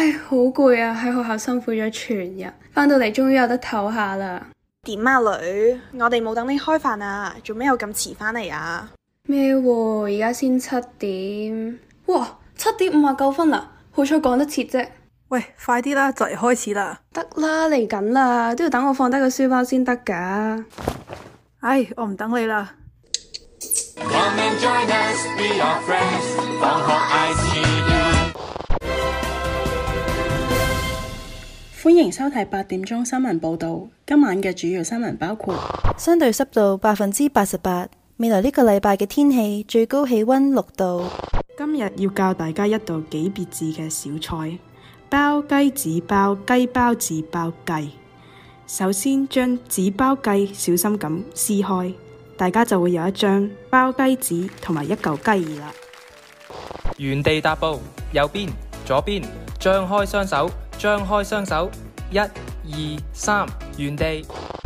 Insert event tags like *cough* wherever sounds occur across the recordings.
唉，好攰啊！喺學校辛苦咗全日，翻到嚟終於有得唞下啦。點啊女，我哋冇等你開飯啊，做咩又咁遲翻嚟啊？咩、啊？而家先七點？哇，七點五十九分啦，好彩講得切啫、啊。喂，快啲啦，就嚟開始啦。得啦，嚟緊啦，都要等我放低個書包先得噶。唉、哎，我唔等你啦。歡迎收睇，八點鐘新聞報道。今晚嘅主要新聞包括相對濕度百分之八十八。未來呢個禮拜嘅天氣最高氣溫六度。今日要教大家一道幾別緻嘅小菜——包雞子包雞包子包雞。首先將紙包雞小心咁撕開，大家就會有一張包雞紙同埋一嚿雞翼啦。原地踏步，右邊，左邊，張開雙手。張開雙手，一、二、三，原地。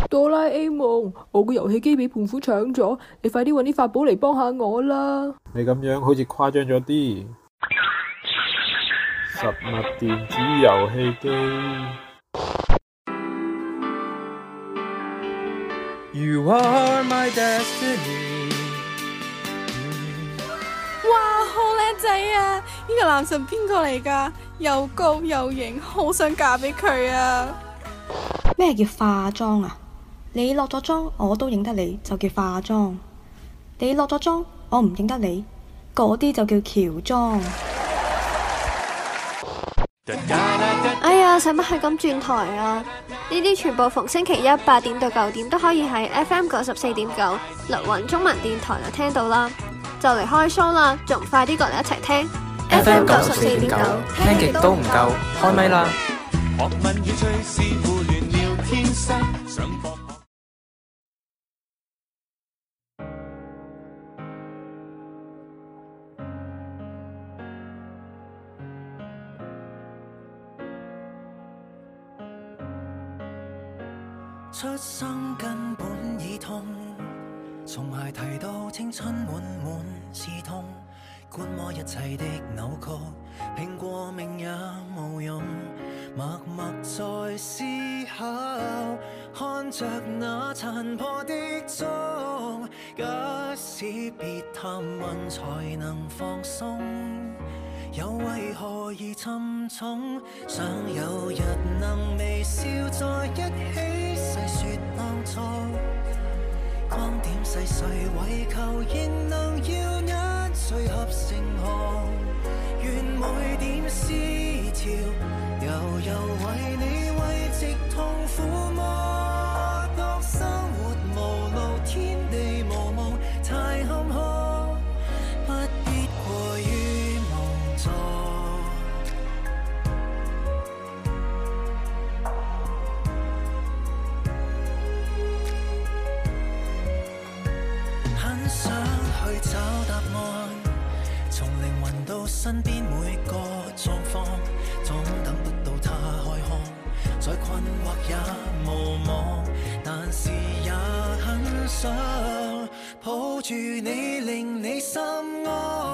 哆啦 A 夢，我個遊戲機俾胖虎搶咗，你快啲揾啲法寶嚟幫下我啦！你咁樣好似誇張咗啲。實物電子遊戲機。You are my destiny. 哇，好靚仔啊！呢、呢個男神邊個嚟噶？又高又型，好想嫁俾佢啊！咩叫化妝啊？你落咗妝，我都認得你，就叫化妝。你落咗妝，我唔認得你，嗰啲就叫喬裝。 *noise* 哎呀，使乜係咁轉台啊？呢啲 *noise* 全部逢星期一八點到九點都可以喺 FM 九十四點九律雲中文電台度聽到啦。就嚟開 show 啦，仲快啲過嚟一齊聽 FM 九十四點九，聽極都唔夠，開咪啦！一切的扭曲，拼過命也無用，默默在思考，看着那殘破的鐘。假使別探問，才能放鬆，又為何而沉重？想有日能微笑在一起，細説當初，光點細碎，為求仍能耀眼。碎合成河，願每點思潮，悠悠為你慰藉痛苦嗎？身邊每個狀況總等不到他開腔，再困惑也無望，但是也很想抱住你，令你心安。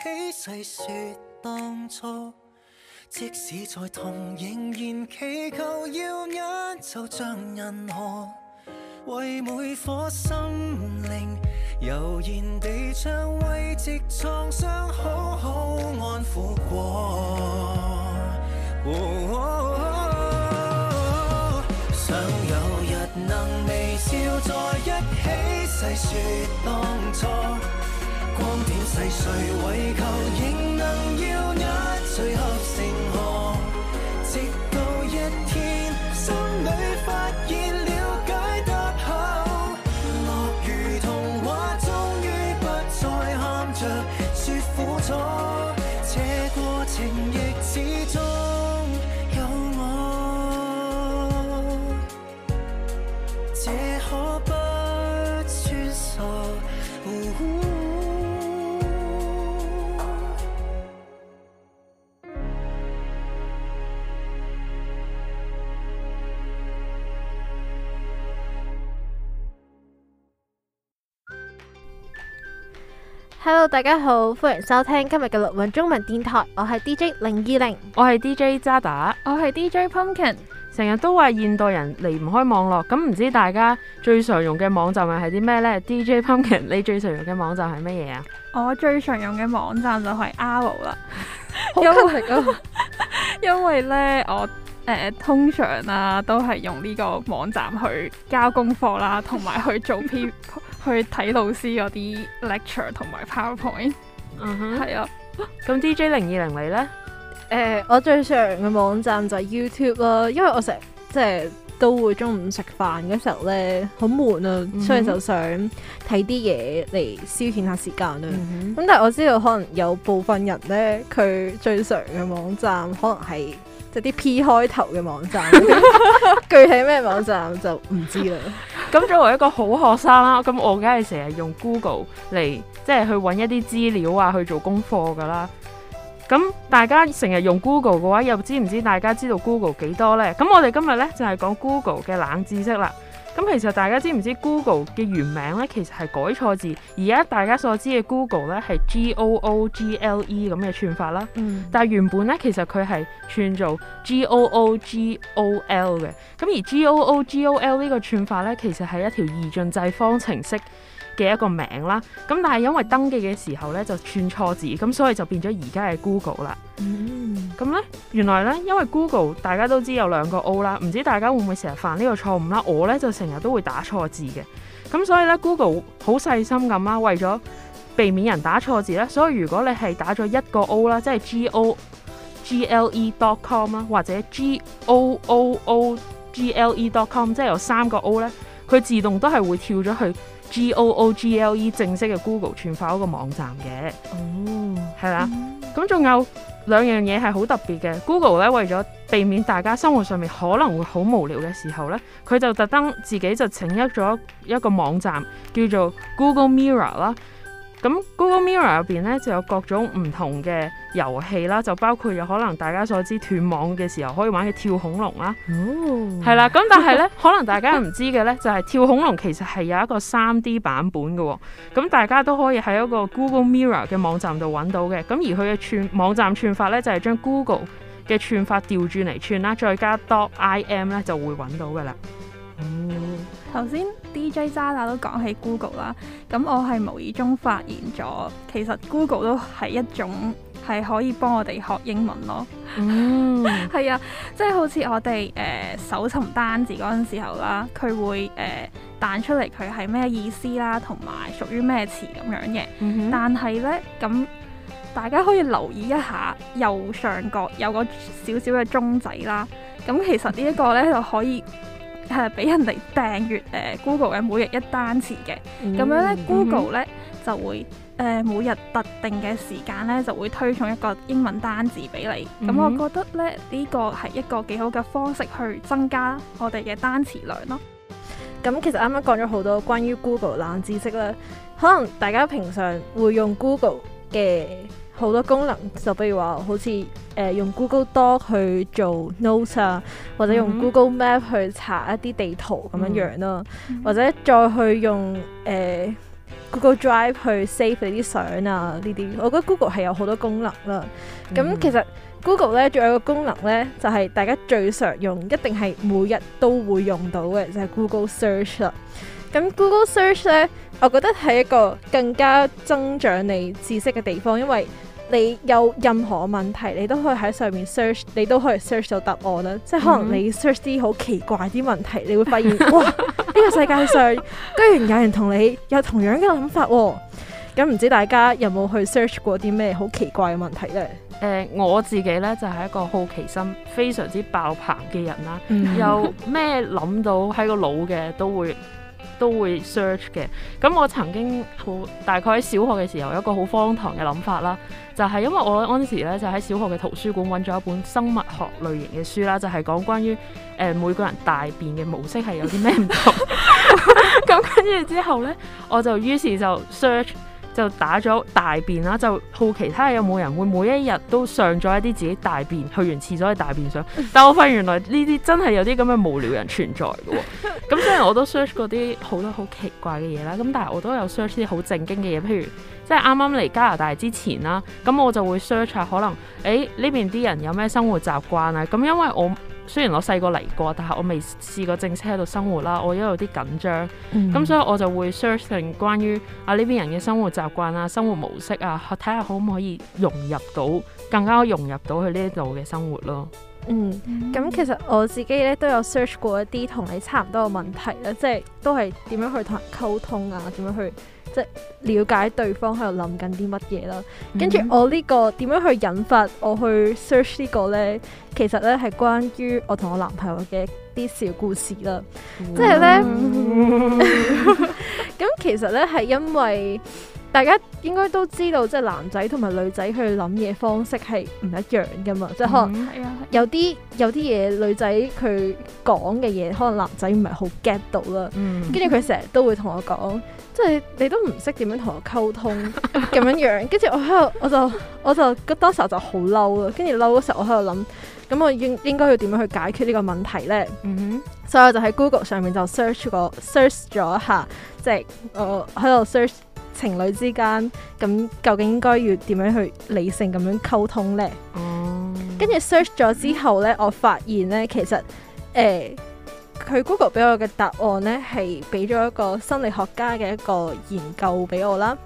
起細說當初，即使再痛，仍然祈求要忍，就像銀河。為每顆心靈悠然地唱，慰藉創傷，好好安撫過。想有日能微笑在一起，細說當初。光點細碎，為求仍能耀眼隨合。hello，大家好，歡迎收聽今日嘅綠雲中文電台，我係 DJ 零二零，我係 DJ 渣打，我係 DJ Pumpkin。成日都話現代人離唔開網絡，咁唔知大家最常用嘅網站係啲咩呢？DJ Pumpkin，你最常用嘅網站係乜嘢啊？我最常用嘅網站就係 Alu 啦，好勁、啊、 *laughs* 因為呢，我誒、呃、通常啊都係用呢個網站去交功課啦、啊，同埋去做 P。 *laughs* 去睇老師嗰啲 lecture 同埋 PowerPoint，嗯哼、uh，係、huh. 啊。咁 *laughs* DJ 零二零你呢，誒、uh，我最常嘅網站就係 YouTube 啦，因為我成日即係都會中午食飯嗰時候呢，好悶啊，mm hmm. 所以就想睇啲嘢嚟消遣下時間啊。咁、mm hmm. 但係我知道可能有部分人呢，佢最常嘅網站可能係。就啲 P 開頭嘅網站，具 *laughs* *laughs* 體咩網站就唔知啦。咁 *laughs* 作為一個好學生啦，咁我梗係成日用 Google 嚟，即係去揾一啲資料啊，去做功課㗎啦。咁大家成日用 Google 嘅話，又知唔知大家知道 Google 幾多呢？咁我哋今日呢，就係、是、講 Google 嘅冷知識啦。咁其實大家知唔知 Google 嘅原名咧，其實係改錯字。而家大家所知嘅 Google 咧係 G O O G L E 咁嘅串法啦。嗯。但係原本咧，其實佢係串做 G O O G O L 嘅。咁而 G O O G O L 呢個串法咧，其實係一條二進制方程式嘅一個名啦。咁但係因為登記嘅時候咧就串錯字，咁所以就變咗而家嘅 Google 啦。嗯。咁咧、嗯，原來咧，因為 Google 大家都知道有兩個 O 啦，唔知大家會唔會成日犯呢個錯誤啦？我咧就成日都會打錯字嘅，咁、嗯、所以咧 Google 好細心咁啦，為咗避免人打錯字咧，所以如果你係打咗一個 O 啦，即係 G O G L E dot com 啦，或者 G O O O G L E dot com，即係有三個 O 咧，佢自動都係會跳咗去 G O O G L E 正式嘅 Google 串法嗰個網站嘅。哦，係啦，咁仲有。兩樣嘢係好特別嘅，Google 咧為咗避免大家生活上面可能會好無聊嘅時候，呢佢就特登自己就請咗一個網站叫做 Google Mirror 啦。咁 Google Mirror 入邊咧就有各種唔同嘅遊戲啦，就包括有可能大家所知斷網嘅時候可以玩嘅跳恐龍啦，係、哦、啦。咁但係咧， *laughs* 可能大家唔知嘅咧就係、是、跳恐龍其實係有一個 3D 版本嘅，哦，咁大家都可以喺一個 Google Mirror 嘅網站度搵到嘅。咁而佢嘅串網站串法咧就係、是、將 Google 嘅串法調轉嚟串啦，再加 dot im 咧就會搵到噶啦。嗯頭先 DJ 渣打都講起 Google 啦，咁我係無意中發現咗，其實 Google 都係一種係可以幫我哋學英文咯。嗯、mm，係、hmm. *laughs* 啊，即係好似我哋誒、呃、搜尋單字嗰陣時候啦，佢會誒彈、呃、出嚟佢係咩意思啦，同埋屬於咩詞咁樣嘅。Mm hmm. 但係呢，咁大家可以留意一下右上角有個小小嘅鐘仔啦。咁其實呢一個呢就可以。係俾、呃、人哋訂閱誒、呃、Google 嘅每日一單詞嘅，咁、嗯、樣呢 Google 呢、嗯、就會誒、呃、每日特定嘅時間呢就會推送一個英文單字俾你。咁、嗯、我覺得呢呢個係一個幾好嘅方式去增加我哋嘅單詞量咯。咁、嗯嗯、其實啱啱講咗好多關於 Google 冷知識啦，可能大家平常會用 Google 嘅好多功能就比如話，好似誒用 Google Doc 去做 notes 啊，或者用 Google Map 去查一啲地圖咁、嗯、樣樣啦，嗯、或者再去用誒、呃、Google Drive 去 save 你啲相啊呢啲。我覺得 Google 係有好多功能啦。咁、嗯、其實 Google 咧仲有一個功能咧，就係、是、大家最常用，一定係每日都會用到嘅，就係、是、Google Search 啦。咁 Google Search 咧，我覺得係一個更加增長你知識嘅地方，因為你有任何問題，你都可以喺上面 search，你都可以 search 到答案啦。即係可能你 search 啲好奇怪啲問題，嗯、你會發現哇，呢 *laughs* 個世界上居然有人同你有同樣嘅諗法喎、哦。咁、嗯、唔知大家有冇去 search 過啲咩好奇怪嘅問題呢？誒、呃，我自己呢，就係、是、一個好奇心非常之爆棚嘅人啦，嗯、 *laughs* 有咩諗到喺個腦嘅都會。都會 search 嘅，咁我曾經好大概喺小學嘅時候有一個好荒唐嘅諗法啦，就係、是、因為我嗰陣時咧就喺小學嘅圖書館揾咗一本生物學類型嘅書啦，就係、是、講關於誒、呃、每個人大便嘅模式係有啲咩唔同，咁跟住之後呢，我就於是就 search。就打咗大便啦，就好奇睇下有冇人會每一日都上咗一啲自己大便，去完廁所嘅大便上。但我發現原來呢啲真係有啲咁嘅無聊人存在㗎。咁雖然我都 search 過啲好多好奇怪嘅嘢啦，咁但係我都有 search 啲好正經嘅嘢，譬如即係啱啱嚟加拿大之前啦，咁我就會 search 下可能誒呢邊啲人有咩生活習慣啊。咁因為我。雖然我細個嚟過，但係我未試過正式喺度生活啦。我因為有啲緊張，咁、嗯、所以我就會 searching 關於啊呢邊人嘅生活習慣啊、生活模式啊，睇下可唔可以融入到更加融入到佢呢度嘅生活咯。嗯、咁、嗯、其實我自己咧都有 search 過一啲同你差唔多嘅問題啦，即、就、係、是、都係點樣去同人溝通啊，點樣去。即係了解對方喺度諗緊啲乜嘢啦，跟住、嗯、我呢、個點樣去引發我去 search 呢個呢？其實呢係關於我同我男朋友嘅啲小故事啦。嗯、即係呢、咁、嗯、 *laughs* 其實呢係因為大家應該都知道，即、就、係、是、男仔同埋女仔去諗嘢方式係唔一樣㗎嘛。嗯、即係可能有啲、嗯、有啲嘢女仔佢講嘅嘢，可能男仔唔係好 get 到啦。跟住佢成日都會同我講。即係你都唔識點樣同我溝通咁樣 *laughs* 樣，跟住我喺度，我就我就嗰當時就好嬲啦。跟住嬲嗰時候我喺度諗，咁我應應該要點樣去解決呢個問題呢？嗯哼、mm，hmm. 所以我就喺 Google 上面就 search 個 search 咗一下，即、就、係、是、我喺度 search 情侶之間，咁究竟應該要點樣去理性咁樣溝通呢？哦、mm，跟住 search 咗之後呢，我發現呢，其實誒。呃佢 Google 俾我嘅答案呢，係俾咗一個心理學家嘅一個研究俾我啦。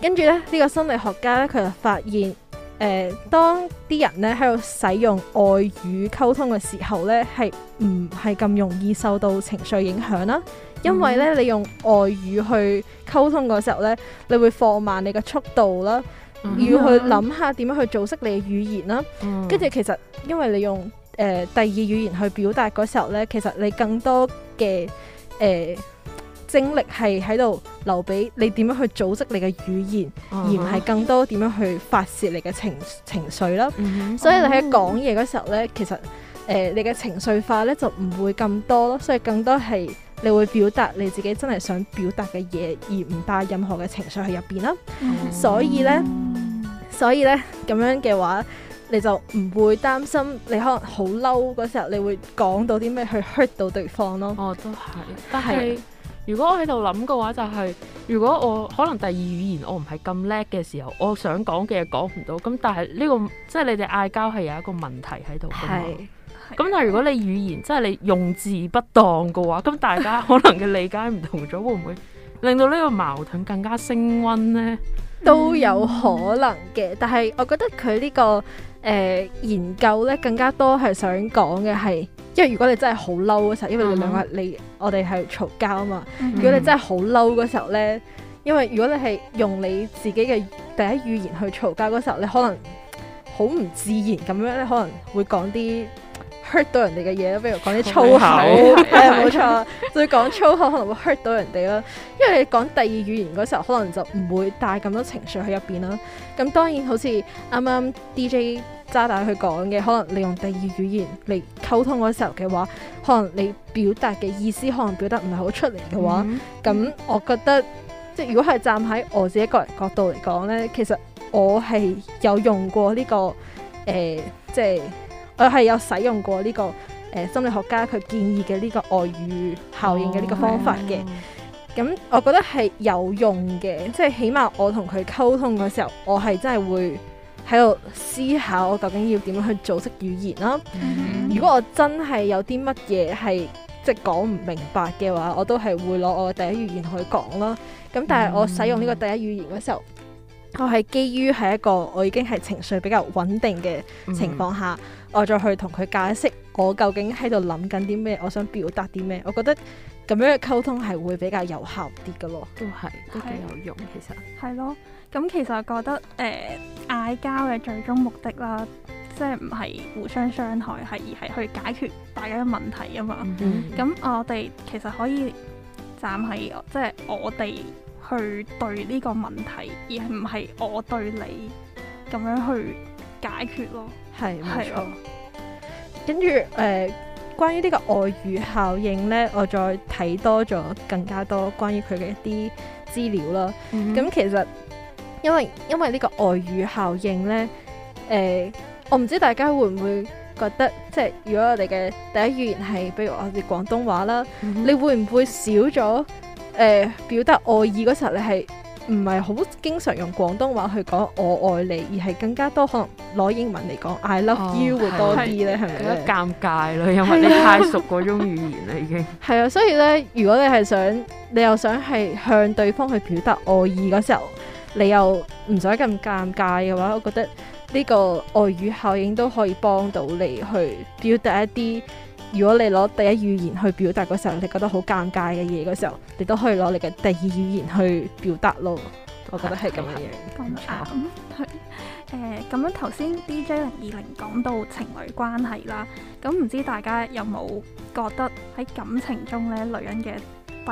跟住咧，hmm. 呢、呢個心理學家咧，佢就發現，誒、呃，當啲人咧喺度使用外語溝通嘅時候咧，係唔係咁容易受到情緒影響啦？因為咧，mm hmm. 你用外語去溝通嗰時候咧，你會放慢你嘅速度啦，mm hmm. 要去諗下點樣去組織你嘅語言啦。跟住、mm，hmm. 其實因為你用。誒、呃、第二語言去表達嗰時候呢，其實你更多嘅誒、呃、精力係喺度留俾你點樣去組織你嘅語言，啊、而唔係更多點樣去發泄你嘅情情緒啦。嗯嗯，所以你喺講嘢嗰時候呢，其實誒、呃、你嘅情緒化呢就唔會咁多咯，所以更多係你會表達你自己真係想表達嘅嘢，而唔帶任何嘅情緒喺入邊啦。嗯、所以呢，所以呢，咁樣嘅話。你就唔會擔心，你可能好嬲嗰時候，你會講到啲咩去 hurt 到對方咯。哦，都係，但係 *laughs* 的如果我喺度諗嘅話、就係，就係如果我可能第二語言我唔係咁叻嘅時候，我想講嘅嘢講唔到。咁但係呢、呢個即係你哋嗌交係有一個問題喺度。係的。咁但係如果你語言 *laughs* 即係你用字不當嘅話，咁大家可能嘅理解唔同咗， *laughs* 會唔會令到呢個矛盾更加升溫呢？嗯、都有可能嘅，但係我覺得佢呢、呢個。誒、呃、研究咧更加多係想講嘅係，因為如果你真係好嬲嘅時候，嗯、因為你兩個你我哋係嘈交啊嘛。嗯嗯，如果你真係好嬲嗰時候咧，因為如果你係用你自己嘅第一語言去嘈交嗰時候，你可能好唔自然咁樣咧，可能會講啲 hurt 到人哋嘅嘢咯，比如講啲粗口，係冇錯，所以講粗口可能會 hurt 到人哋咯。因為你講第二語言嗰時候，可能就唔會帶咁多情緒喺入邊啦。咁當然好似啱啱 DJ 渣打佢講嘅，可能你用第二語言嚟溝通嗰時候嘅話，可能你表達嘅意思可能表達唔係好出嚟嘅話，咁、嗯嗯、我覺得即係如果係站喺我自己個人角度嚟講呢，其實我係有用過呢、這個誒、呃，即係。我係有使用過呢、這個誒、呃、心理學家佢建議嘅呢個外語效應嘅呢個方法嘅，咁、oh, yeah. 嗯、我覺得係有用嘅，即係起碼我同佢溝通嗰時候，我係真係會喺度思考我究竟要點樣去組織語言啦。Mm hmm. 如果我真係有啲乜嘢係即係講唔明白嘅話，我都係會攞我第一語言去講啦。咁但係我使用呢個第一語言嗰時候。Mm hmm. 我係基於係一個我已經係情緒比較穩定嘅情況下，嗯、我再去同佢解釋我究竟喺度諗緊啲咩，我想表達啲咩，我覺得咁樣嘅溝通係會比較有效啲嘅咯。都係，都幾有用是其實。係咯，咁其實我覺得誒，嗌交嘅最終目的啦，即係唔係互相傷害，係而係去解決大家嘅問題啊嘛。咁、嗯、我哋其實可以站喺即係我哋。去對呢個問題，而唔係我對你咁樣去解決咯。係，冇錯。啊、跟住誒、呃，關於呢個外語效應呢，我再睇多咗更加多關於佢嘅一啲資料啦。咁、mm hmm. 其實因為因為呢個外語效應呢，誒、呃，我唔知大家會唔會覺得，即係如果我哋嘅第一語言係，比如我哋廣東話啦，mm hmm. 你會唔會少咗？誒、呃、表達愛意嗰時候，你係唔係好經常用廣東話去講我愛你，而係更加多可能攞英文嚟講 I love you、哦、會多啲咧，係咪？是是尷尬咯，因為你太熟嗰種語言啦， *laughs* 已經係 *laughs* 啊，所以咧，如果你係想你又想係向對方去表達愛意嗰時候，你又唔使咁尷尬嘅話，我覺得呢個外語效應都可以幫到你去表達一啲。如果你攞第一語言去表達嗰時候，你覺得好尷尬嘅嘢嗰時候，你都可以攞你嘅第二語言去表達咯。我覺得係咁樣嘢。咁慘咁樣頭先 DJ 零二零講到情侶關係啦，咁唔知大家有冇覺得喺感情中咧，女人嘅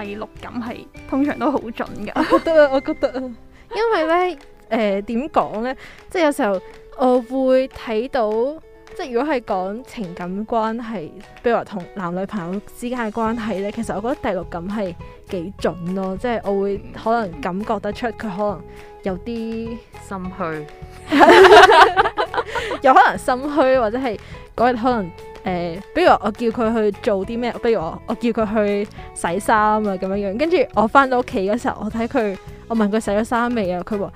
第六感係通常都好準㗎。我覺得啊，我覺得因為咧，誒，點講咧，即係有時候我會睇到。即係如果係講情感關係，比如話同男女朋友之間嘅關係咧，其實我覺得第六感係幾準咯，即係我會可能感覺得出佢可能有啲心虛虛， *laughs* *laughs* 有可能心虛或者係嗰日可能誒、呃，比如我叫佢去做啲咩，比如我我叫佢去洗衫啊咁樣樣，跟住我翻到屋企嗰時候，我睇佢，我問佢洗咗衫未啊，佢話。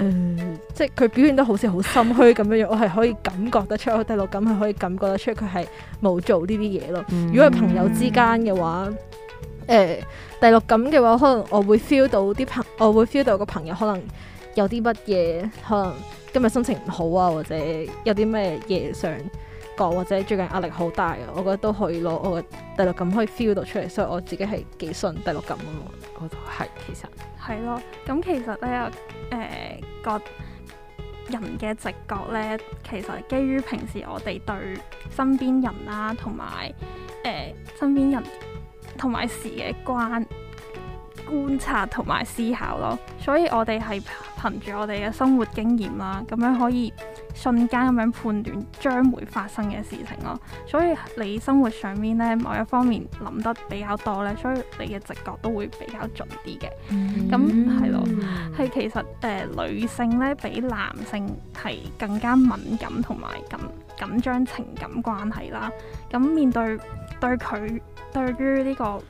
誒、嗯，即係佢表現得好似好心虛咁樣樣， *laughs* 我係可以感覺得出，我第六感係可以感覺得出佢係冇做呢啲嘢咯。嗯、如果係朋友之間嘅話，誒、嗯，第六、呃、感嘅話，可能我會 feel 到啲朋友，我會 feel 到個朋友可能有啲乜嘢，可能今日心情唔好啊，或者有啲咩嘢想講，或者最近壓力好大，啊。我覺得都可以攞我嘅第六感可以 feel 到出嚟，所以我自己係幾信第六感噶嘛。我覺得係其實。係咯，咁、嗯、其實咧，誒、呃、個人嘅直覺咧，其實基於平時我哋對身邊人啦、啊，同埋誒身邊人同埋事嘅關。觀察同埋思考咯，所以我哋係憑住我哋嘅生活經驗啦，咁樣可以瞬間咁樣判斷將會發生嘅事情咯。所以你生活上面呢，某一方面諗得比較多呢，所以你嘅直覺都會比較準啲嘅。咁係、嗯、咯，係其實誒、呃、女性呢，比男性係更加敏感同埋緊緊張情感關係啦。咁面對對佢對於呢、呢個。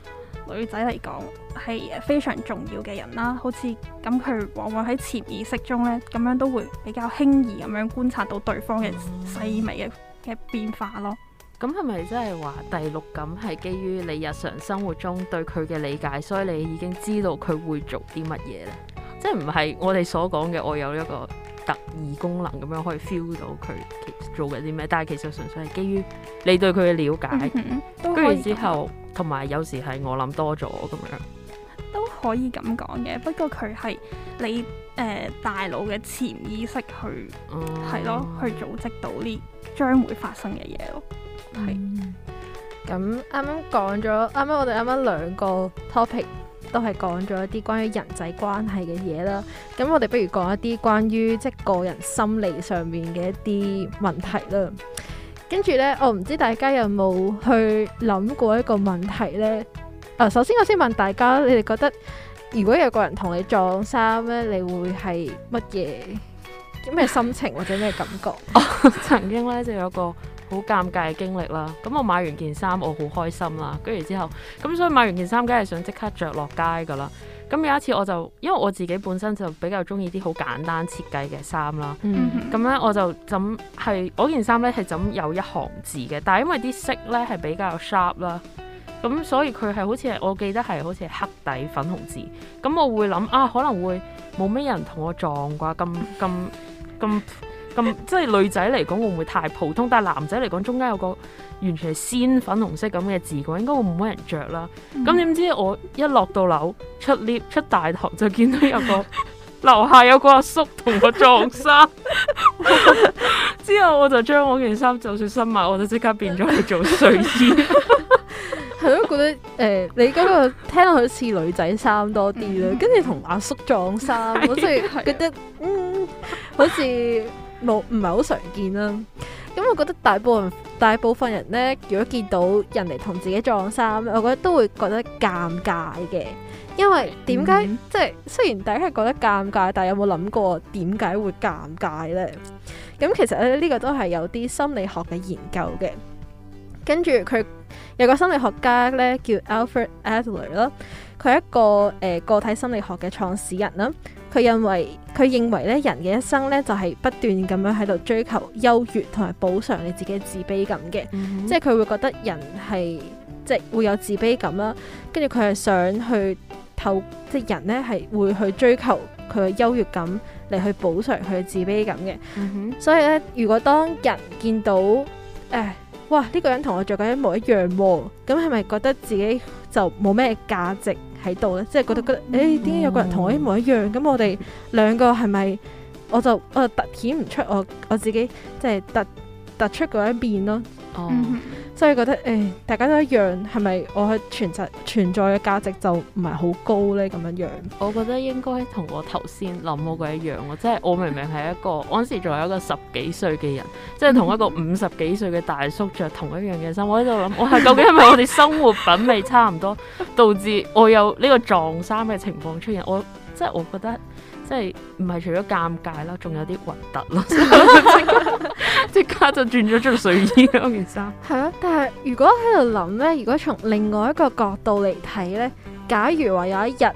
女仔嚟講係非常重要嘅人啦，好似咁佢往往喺潛意識中呢，咁樣都會比較輕易咁樣觀察到對方嘅細微嘅嘅變化咯。咁係咪即係話第六感係基於你日常生活中對佢嘅理解，所以你已經知道佢會做啲乜嘢呢？即係唔係我哋所講嘅我有一個。特異功能咁樣可以 feel 到佢做緊啲咩，但係其實純粹係基於你對佢嘅了解，跟住之後同埋有時係我諗多咗咁樣，都可以咁講嘅。不過佢係你誒、呃、大腦嘅潛意識去，係咯、嗯，去組織到呢將會發生嘅嘢咯。係。咁啱啱講咗，啱啱我哋啱啱兩個 topic，都係講咗一啲關於人際關係嘅嘢啦，咁我哋不如講一啲關於即係個人心理上面嘅一啲問題啦。跟住呢，我唔知大家有冇去諗過一個問題呢？啊，首先我先問大家，你哋覺得如果有個人同你撞衫呢，你會係乜嘢咩心情或者咩感覺？ *laughs* 曾經呢，就有個。好尷尬嘅經歷啦，咁我買完件衫我好開心啦，跟住之後咁所以買完件衫梗係想即刻着落街噶啦，咁有一次我就因為我自己本身就比較中意啲好簡單設計嘅衫啦，咁咧、mm hmm. 我就咁係嗰件衫咧係咁有一行字嘅，但因為啲色咧係比較 sharp 啦，咁所以佢係好似係我記得係好似黑底粉紅字，咁我會諗啊可能會冇咩人同我撞啩？咁咁咁。咁即係女仔嚟講會唔會太普通？但係男仔嚟講，中間有個完全係鮮粉紅色咁嘅字，應該會冇乜人着啦？咁點知我一落到樓出 lift 出大堂就見到有個樓下有個阿叔同我撞衫，之後我就將我件衫就算新買，我都即刻變咗去做睡衣。係咯，覺得誒，你嗰個聽落去似女仔衫多啲啦，跟住同阿叔撞衫，好似覺得嗯，好似～冇唔係好常見啦，咁、嗯、我覺得大部分大部分人咧，如果見到人哋同自己撞衫，我覺得都會覺得尷尬嘅。因為點解、嗯、即係雖然大家係覺得尷尬，但係有冇諗過點解會尷尬咧？咁、嗯、其實咧呢個都係有啲心理學嘅研究嘅。跟住佢有個心理學家咧叫 Alfred Adler 啦，佢係一個誒、呃、個體心理學嘅創始人啦。佢認為佢認為咧，人嘅一生咧就係不斷咁樣喺度追求優越同埋補償你自己自卑感嘅，嗯、哼即係佢會覺得人係即係會有自卑感啦。跟住佢係想去透，即係人咧係會去追求佢嘅優越感嚟去補償佢嘅自卑感嘅。嗯、哼所以咧，如果當人見到誒，哇呢個人同我做緊一模一樣喎，咁係咪覺得自己就冇咩價值？喺度咧，即係覺得覺得，誒點解有個人同我一模一樣？咁、嗯、我哋兩個係咪我就誒突顯唔出我我自己，即、就、係、是、突突出嗰一邊咯。哦。嗯所以覺得誒，大家都一樣，係咪我係存在存在嘅價值就唔係好高呢？咁樣樣，我覺得應該同我頭先諗嗰個一樣咯，即係我明明係一個，我 *laughs* 當時仲係一個十幾歲嘅人，即係同一個五十幾歲嘅大叔着同一樣嘅衫，我喺度諗，我係究竟係咪我哋生活品味差唔多， *laughs* 導致我有呢個撞衫嘅情況出現？我即係我覺得。即係唔係除咗尷尬咯，仲有啲核突咯，即刻， *laughs* 即刻就轉咗出睡衣嗰件衫。係 *laughs* 啊。但係如果喺度諗呢，如果從另外一個角度嚟睇呢，假如話有一日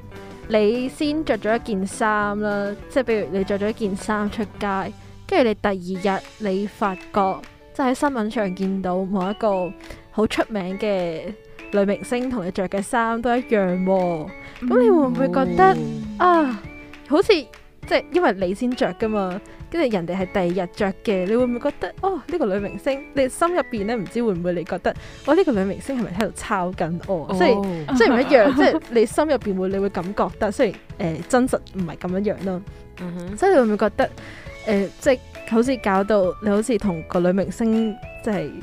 你先着咗一件衫啦，即係譬如你着咗一件衫出街，跟住你第二日你發覺，即係喺新聞上見到某一個好出名嘅女明星同你着嘅衫都一樣喎，啊，咁、嗯、你會唔會覺得啊？好似即係因為你先着噶嘛，跟住人哋係第二日着嘅，你會唔會覺得哦？呢、呢個女明星，你心入邊咧唔知會唔會你覺得，哦，呢、呢個女明星係咪喺度抄緊我？哦、即係即係唔一樣， *laughs* 即係你心入邊會你會感覺得，但係雖然誒、呃、真實唔係咁樣樣咯。嗯哼，所以你會唔會覺得誒、呃，即係好似搞到你好似同個女明星即係、就是、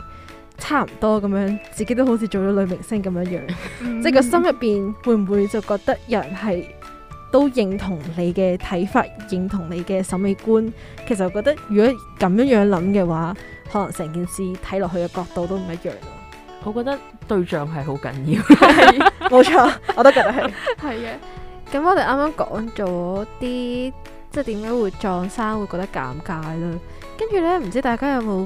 差唔多咁樣，自己都好似做咗女明星咁樣樣。嗯、 *laughs* 即係個心入邊會唔會就覺得人係？都認同你嘅睇法，認同你嘅審美觀。其實我覺得，如果咁樣樣諗嘅話，可能成件事睇落去嘅角度都唔一樣。我覺得對象係好緊要， *laughs* *laughs* *laughs* 冇錯，我都覺得係係嘅。咁 *laughs* 我哋啱啱講咗啲，即係點解會撞衫會覺得尷尬啦？跟住咧，唔知大家有冇？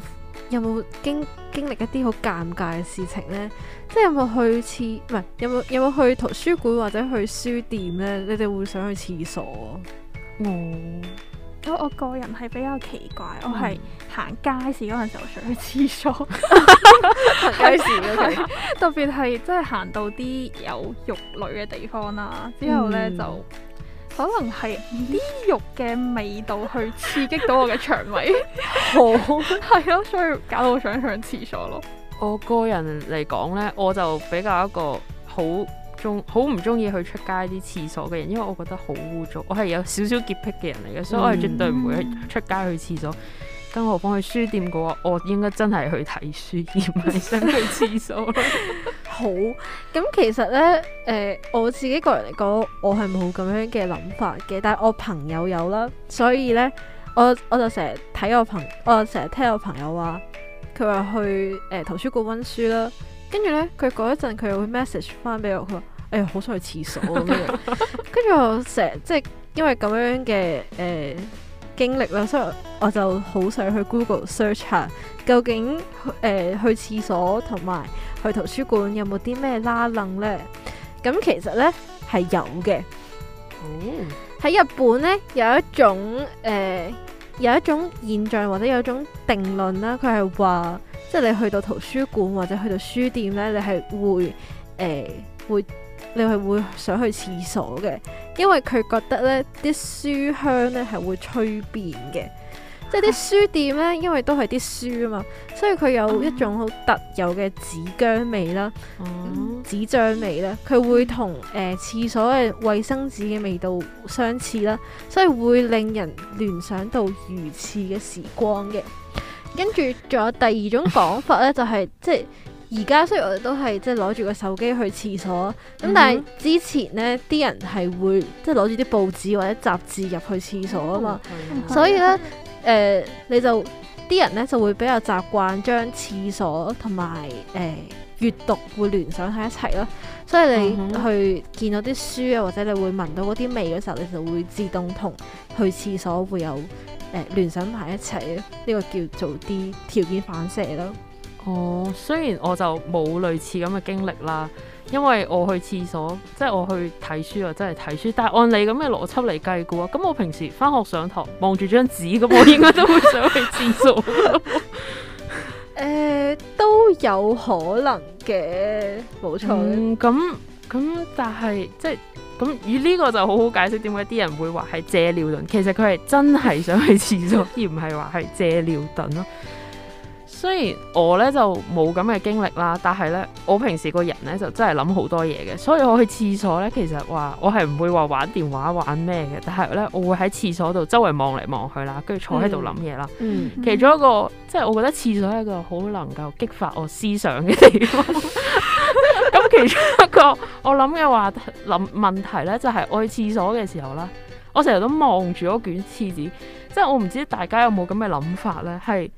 有冇經經歷一啲好尷尬嘅事情呢？即係有冇去廁，唔係，有冇，有冇去圖書館或者去書店呢？你哋會想去廁所啊？我、嗯哦、我個人係比較奇怪，我係行街市嗰陣時候想去廁所，行街市嗰陣， *laughs* *laughs* *laughs* 特別係即係行到啲有肉類嘅地方啦，之後呢、嗯、就。可能係啲肉嘅味道去刺激到我嘅腸胃，好係咯，所以搞到我想上廁所咯。 *noise* 我個人嚟講呢，我就比較一個好鍾好唔鍾意去出街啲廁所嘅人，因為我覺得好污糟，我係有少少潔癖嘅人嚟嘅，所以我係絕對唔會出街去廁所。嗯 *noise* 更何況去書店嘅話，我應該真係去睇書，而唔係想去廁所咯。 *laughs* *laughs* 好，咁其實咧，誒、呃、我自己個人嚟講，我係冇咁樣嘅諗法嘅，但係我朋友有啦，所以咧，我我就成日睇我朋，我就成日聽我朋友話，佢話去誒、呃、圖書館溫書啦，跟住咧，佢嗰一陣佢會 message 翻俾我，佢話呀，好、哎、想去廁所咁、啊、樣，跟住 *laughs* 我成日，即係因為咁樣嘅誒。呃經歷啦，所以我就好想去 Google Search 下究竟誒、呃、去廁所同埋去圖書館有冇啲咩拉楞呢？咁其實呢係有嘅。喺、嗯、日本呢，有一種誒、呃、有一種現象或者有一種定論啦，佢係話即係你去到圖書館或者去到書店呢，你係會誒會，呃會你係會想去廁所嘅，因為佢覺得呢啲書香呢係會催變嘅，即係啲書店呢，因為都係啲書啊嘛，所以佢有一種好特有嘅紙張味啦，紙張、嗯、味啦，佢會同誒、呃、廁所嘅衛生紙嘅味道相似啦，所以會令人聯想到如廁嘅時光嘅。跟住仲有第二種講法呢，就係、是、即係。而家雖然我哋都係即係攞住個手機去廁所，咁、嗯、但係之前呢啲人係會即係攞住啲報紙或者雜誌入去廁所啊嘛，嗯嗯嗯、所以呢，誒、嗯呃，你就啲人呢就會比較習慣將廁所同埋誒閱讀會聯想喺一齊咯，所以你去見到啲書啊，或者你會聞到嗰啲味嘅時候，你就會自動同去廁所會有誒聯、呃、想埋一齊呢、這個叫做啲條件反射咯。哦，oh, 雖然我就冇類似咁嘅經歷啦，因為我去廁所，即係我去睇書啊，真係睇書。但係按你咁嘅邏輯嚟計嘅話，咁我平時翻學上堂望住張紙，咁 *laughs* 我應該都會想去廁所。誒，都有可能嘅，冇錯。咁咁、嗯，但係即係咁以呢個就好好解釋點解啲人會話係借尿遁，其實佢係真係想去廁所，而唔係話係借尿遁咯。雖然我咧就冇咁嘅經歷啦，但係咧我平時個人咧就真係諗好多嘢嘅，所以我去廁所咧，其實話我係唔會話玩電話玩咩嘅，但係咧我會喺廁所度周圍望嚟望去啦，跟住坐喺度諗嘢啦嗯。嗯，其中一個即係、就是、我覺得廁所係一個好能夠激發我思想嘅地方。 *laughs* 咁 *laughs* *laughs* 其中一個我諗嘅話諗問題咧，就係、是、我去廁所嘅時候啦，我成日都望住嗰卷廁紙，即係我唔知大家有冇咁嘅諗法咧，係。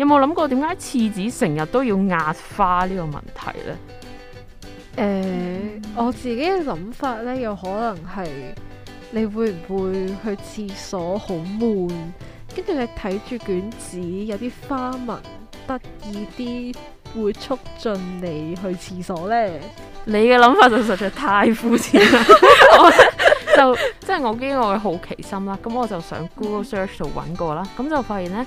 有冇諗過點解廁紙成日都要壓花呢個問題呢？誒、呃，我自己嘅諗法呢，有可能係你會唔會去廁所好悶，跟住你睇住卷紙有啲花紋得意啲，會促進你去廁所呢。你嘅諗法就實在太膚淺啦！就即係我基於我嘅好奇心啦，咁我就上 Google Search 度揾過啦，咁就發現呢。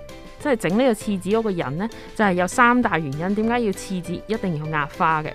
即係整呢個廁紙嗰個人呢，就係、是、有三大原因點解要廁紙一定要壓花嘅？咁、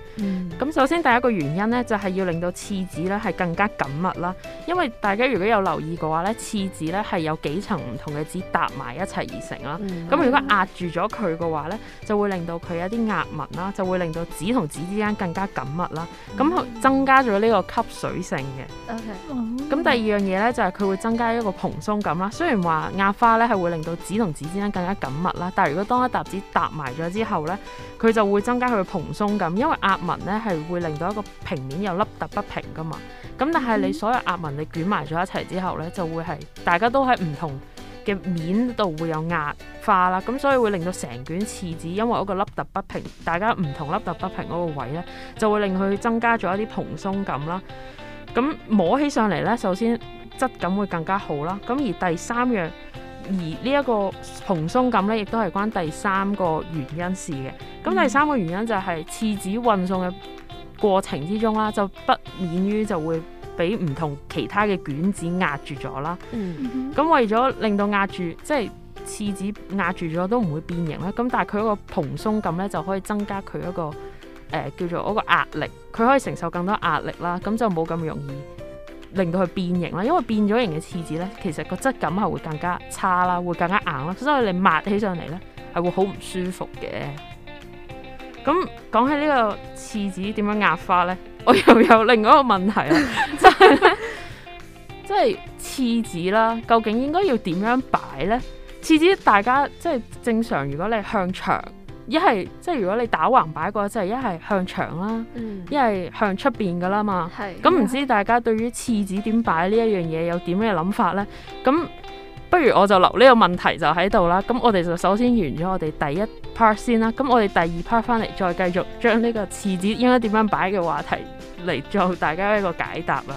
嗯、首先第一個原因呢，就係、是、要令到廁紙咧係更加緊密啦。因為大家如果有留意嘅話，廁紙呢廁紙呢係有幾層唔同嘅紙搭埋一齊而成啦。咁、嗯、如果壓住咗佢嘅話呢，就會令到佢有啲壓紋啦，就會令到紙同紙之間更加緊密啦。咁、嗯、增加咗呢個吸水性嘅。咁 Okay. 第二樣嘢呢，就係、是、佢會增加一個蓬鬆感啦。雖然話壓花呢係會令到紙同紙之間更加緊密啦，但係如果當一沓紙搭埋咗之後呢，佢就會增加佢蓬鬆感，因為壓紋呢係會令到一個平面有凹凸不平噶嘛。咁但係你所有壓紋你捲埋咗一齊之後呢，就會係大家都喺唔同嘅面度會有壓花啦。咁所以會令到成卷廁紙因為嗰個凹凸不平，大家唔同凹凸不平嗰個位呢，就會令佢增加咗一啲蓬鬆感啦。咁摸起上嚟呢，首先質感會更加好啦。咁而第三樣。而呢一個蓬鬆感咧，亦都係關第三個原因事嘅。咁第三個原因就係廁紙運送嘅過程之中啦，就不免於就會俾唔同其他嘅卷紙壓住咗啦。嗯，咁為咗令到壓住，即係廁紙壓住咗都唔會變形啦。咁但係佢嗰個蓬鬆感咧，就可以增加佢一個誒、呃、叫做嗰個壓力，佢可以承受更多壓力啦。咁就冇咁容易。令到佢變形啦，因為變咗形嘅廁紙呢，其實個質感係會更加差啦，會更加硬啦，所以你抹起上嚟呢，係會好唔舒服嘅。咁講起呢個廁紙點樣壓花呢，我又有另外一個問題啦，就係呢，即係廁紙啦，究竟應該要點樣擺呢？廁紙大家即係正常，如果你向長。一係即係如果你打橫擺嘅話，即係一係向牆啦，一係、嗯、向出邊噶啦嘛。咁唔係、嗯、知大家對於廁紙點擺呢一樣嘢有點嘅諗法咧？咁不如我就留呢個問題就喺度啦。咁我哋就首先完咗我哋第一 part 先啦。咁我哋第二 part 翻嚟再繼續將呢個廁紙應該點樣擺嘅話題嚟做大家一個解答啦。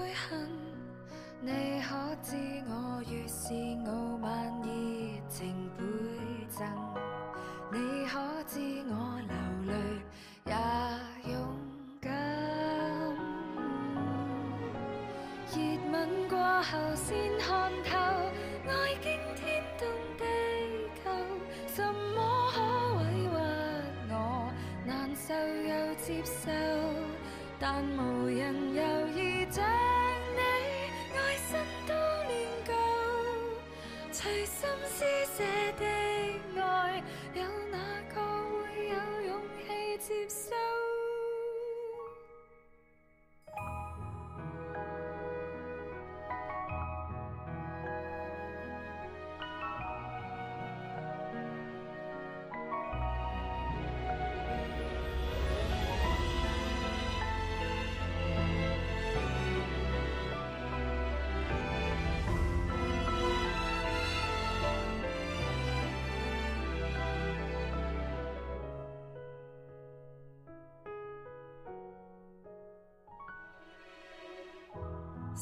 但無人猶豫像你愛多年，愛心都煉舊，隨心施捨的愛，有哪個會有勇氣接受？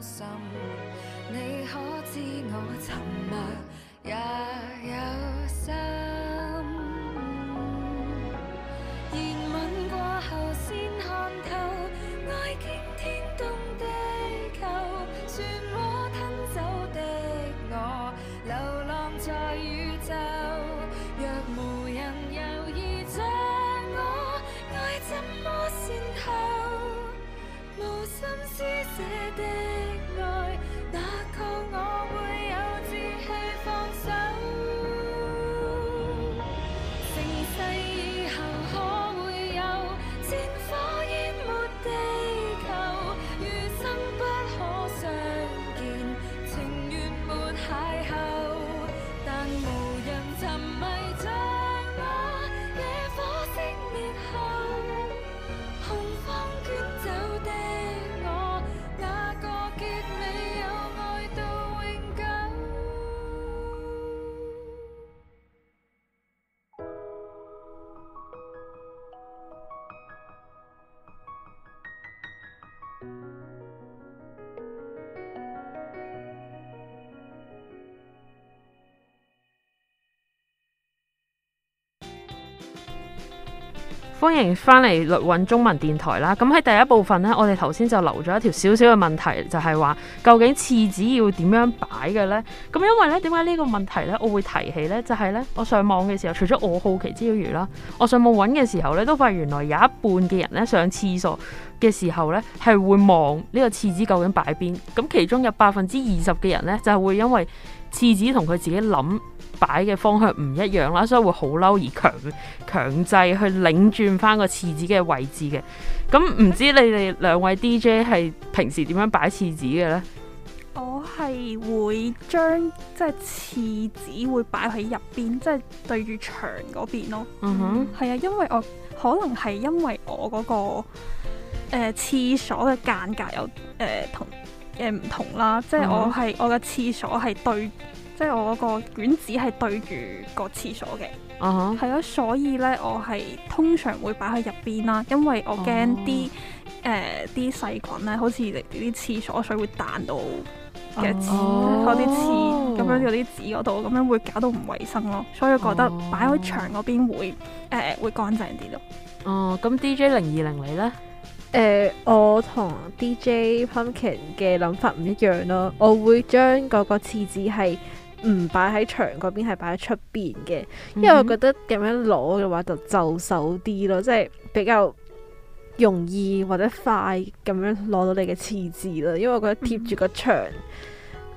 心，你可知我沉默也有心？熱吻過後先看透，愛驚天動地球，漩渦吞走的我，流浪在宇宙。若無人猶豫着我愛怎麼善後，無心施捨的。歡迎翻嚟綠韻中文電台啦！咁喺第一部分呢，我哋頭先就留咗一條少少嘅問題，就係話究竟廁紙要點樣擺嘅呢？咁因為呢，點解呢個問題呢，我會提起呢，就係呢：我上網嘅時候，除咗我好奇之餘啦，我上網揾嘅時候呢，都發現原來有一半嘅人呢，上廁所嘅時候呢，係會望呢個廁紙究竟擺邊，咁其中有百分之二十嘅人呢，就係會因為。廁紙同佢自己諗擺嘅方向唔一樣啦，所以會好嬲而強強制去擰轉翻個廁紙嘅位置嘅。咁、嗯、唔知你哋兩位 DJ 係平時點樣擺廁紙嘅呢？我係會將即係廁紙會擺喺入邊，即、就、係、是、對住牆嗰邊咯。嗯哼，係、嗯、啊，因為我可能係因為我嗰、那個誒廁、呃、所嘅間隔有誒、呃、同。誒唔同啦，即係我係我嘅廁所係對，uh huh. 即係我嗰個卷紙係對住個廁所嘅，係咯、uh huh.，所以咧我係通常會擺喺入邊啦，因為我驚啲誒啲細菌咧，好似啲廁所水會彈到嘅黐嗰啲刺，咁、uh huh. 樣嗰啲紙嗰度，咁樣會搞到唔衞生咯，所以覺得擺喺牆嗰邊會誒、uh huh. 呃、會乾淨啲咯。哦、uh,，咁 DJ 零二零嚟咧？誒、呃，我同 DJ Pumpkin 嘅諗法唔一樣咯。我會將嗰個廁紙係唔擺喺牆嗰邊，係擺喺出邊嘅，因為我覺得咁樣攞嘅話就就手啲咯，即係比較容易或者快咁樣攞到你嘅廁紙咯。因為我覺得貼住個牆，嗯、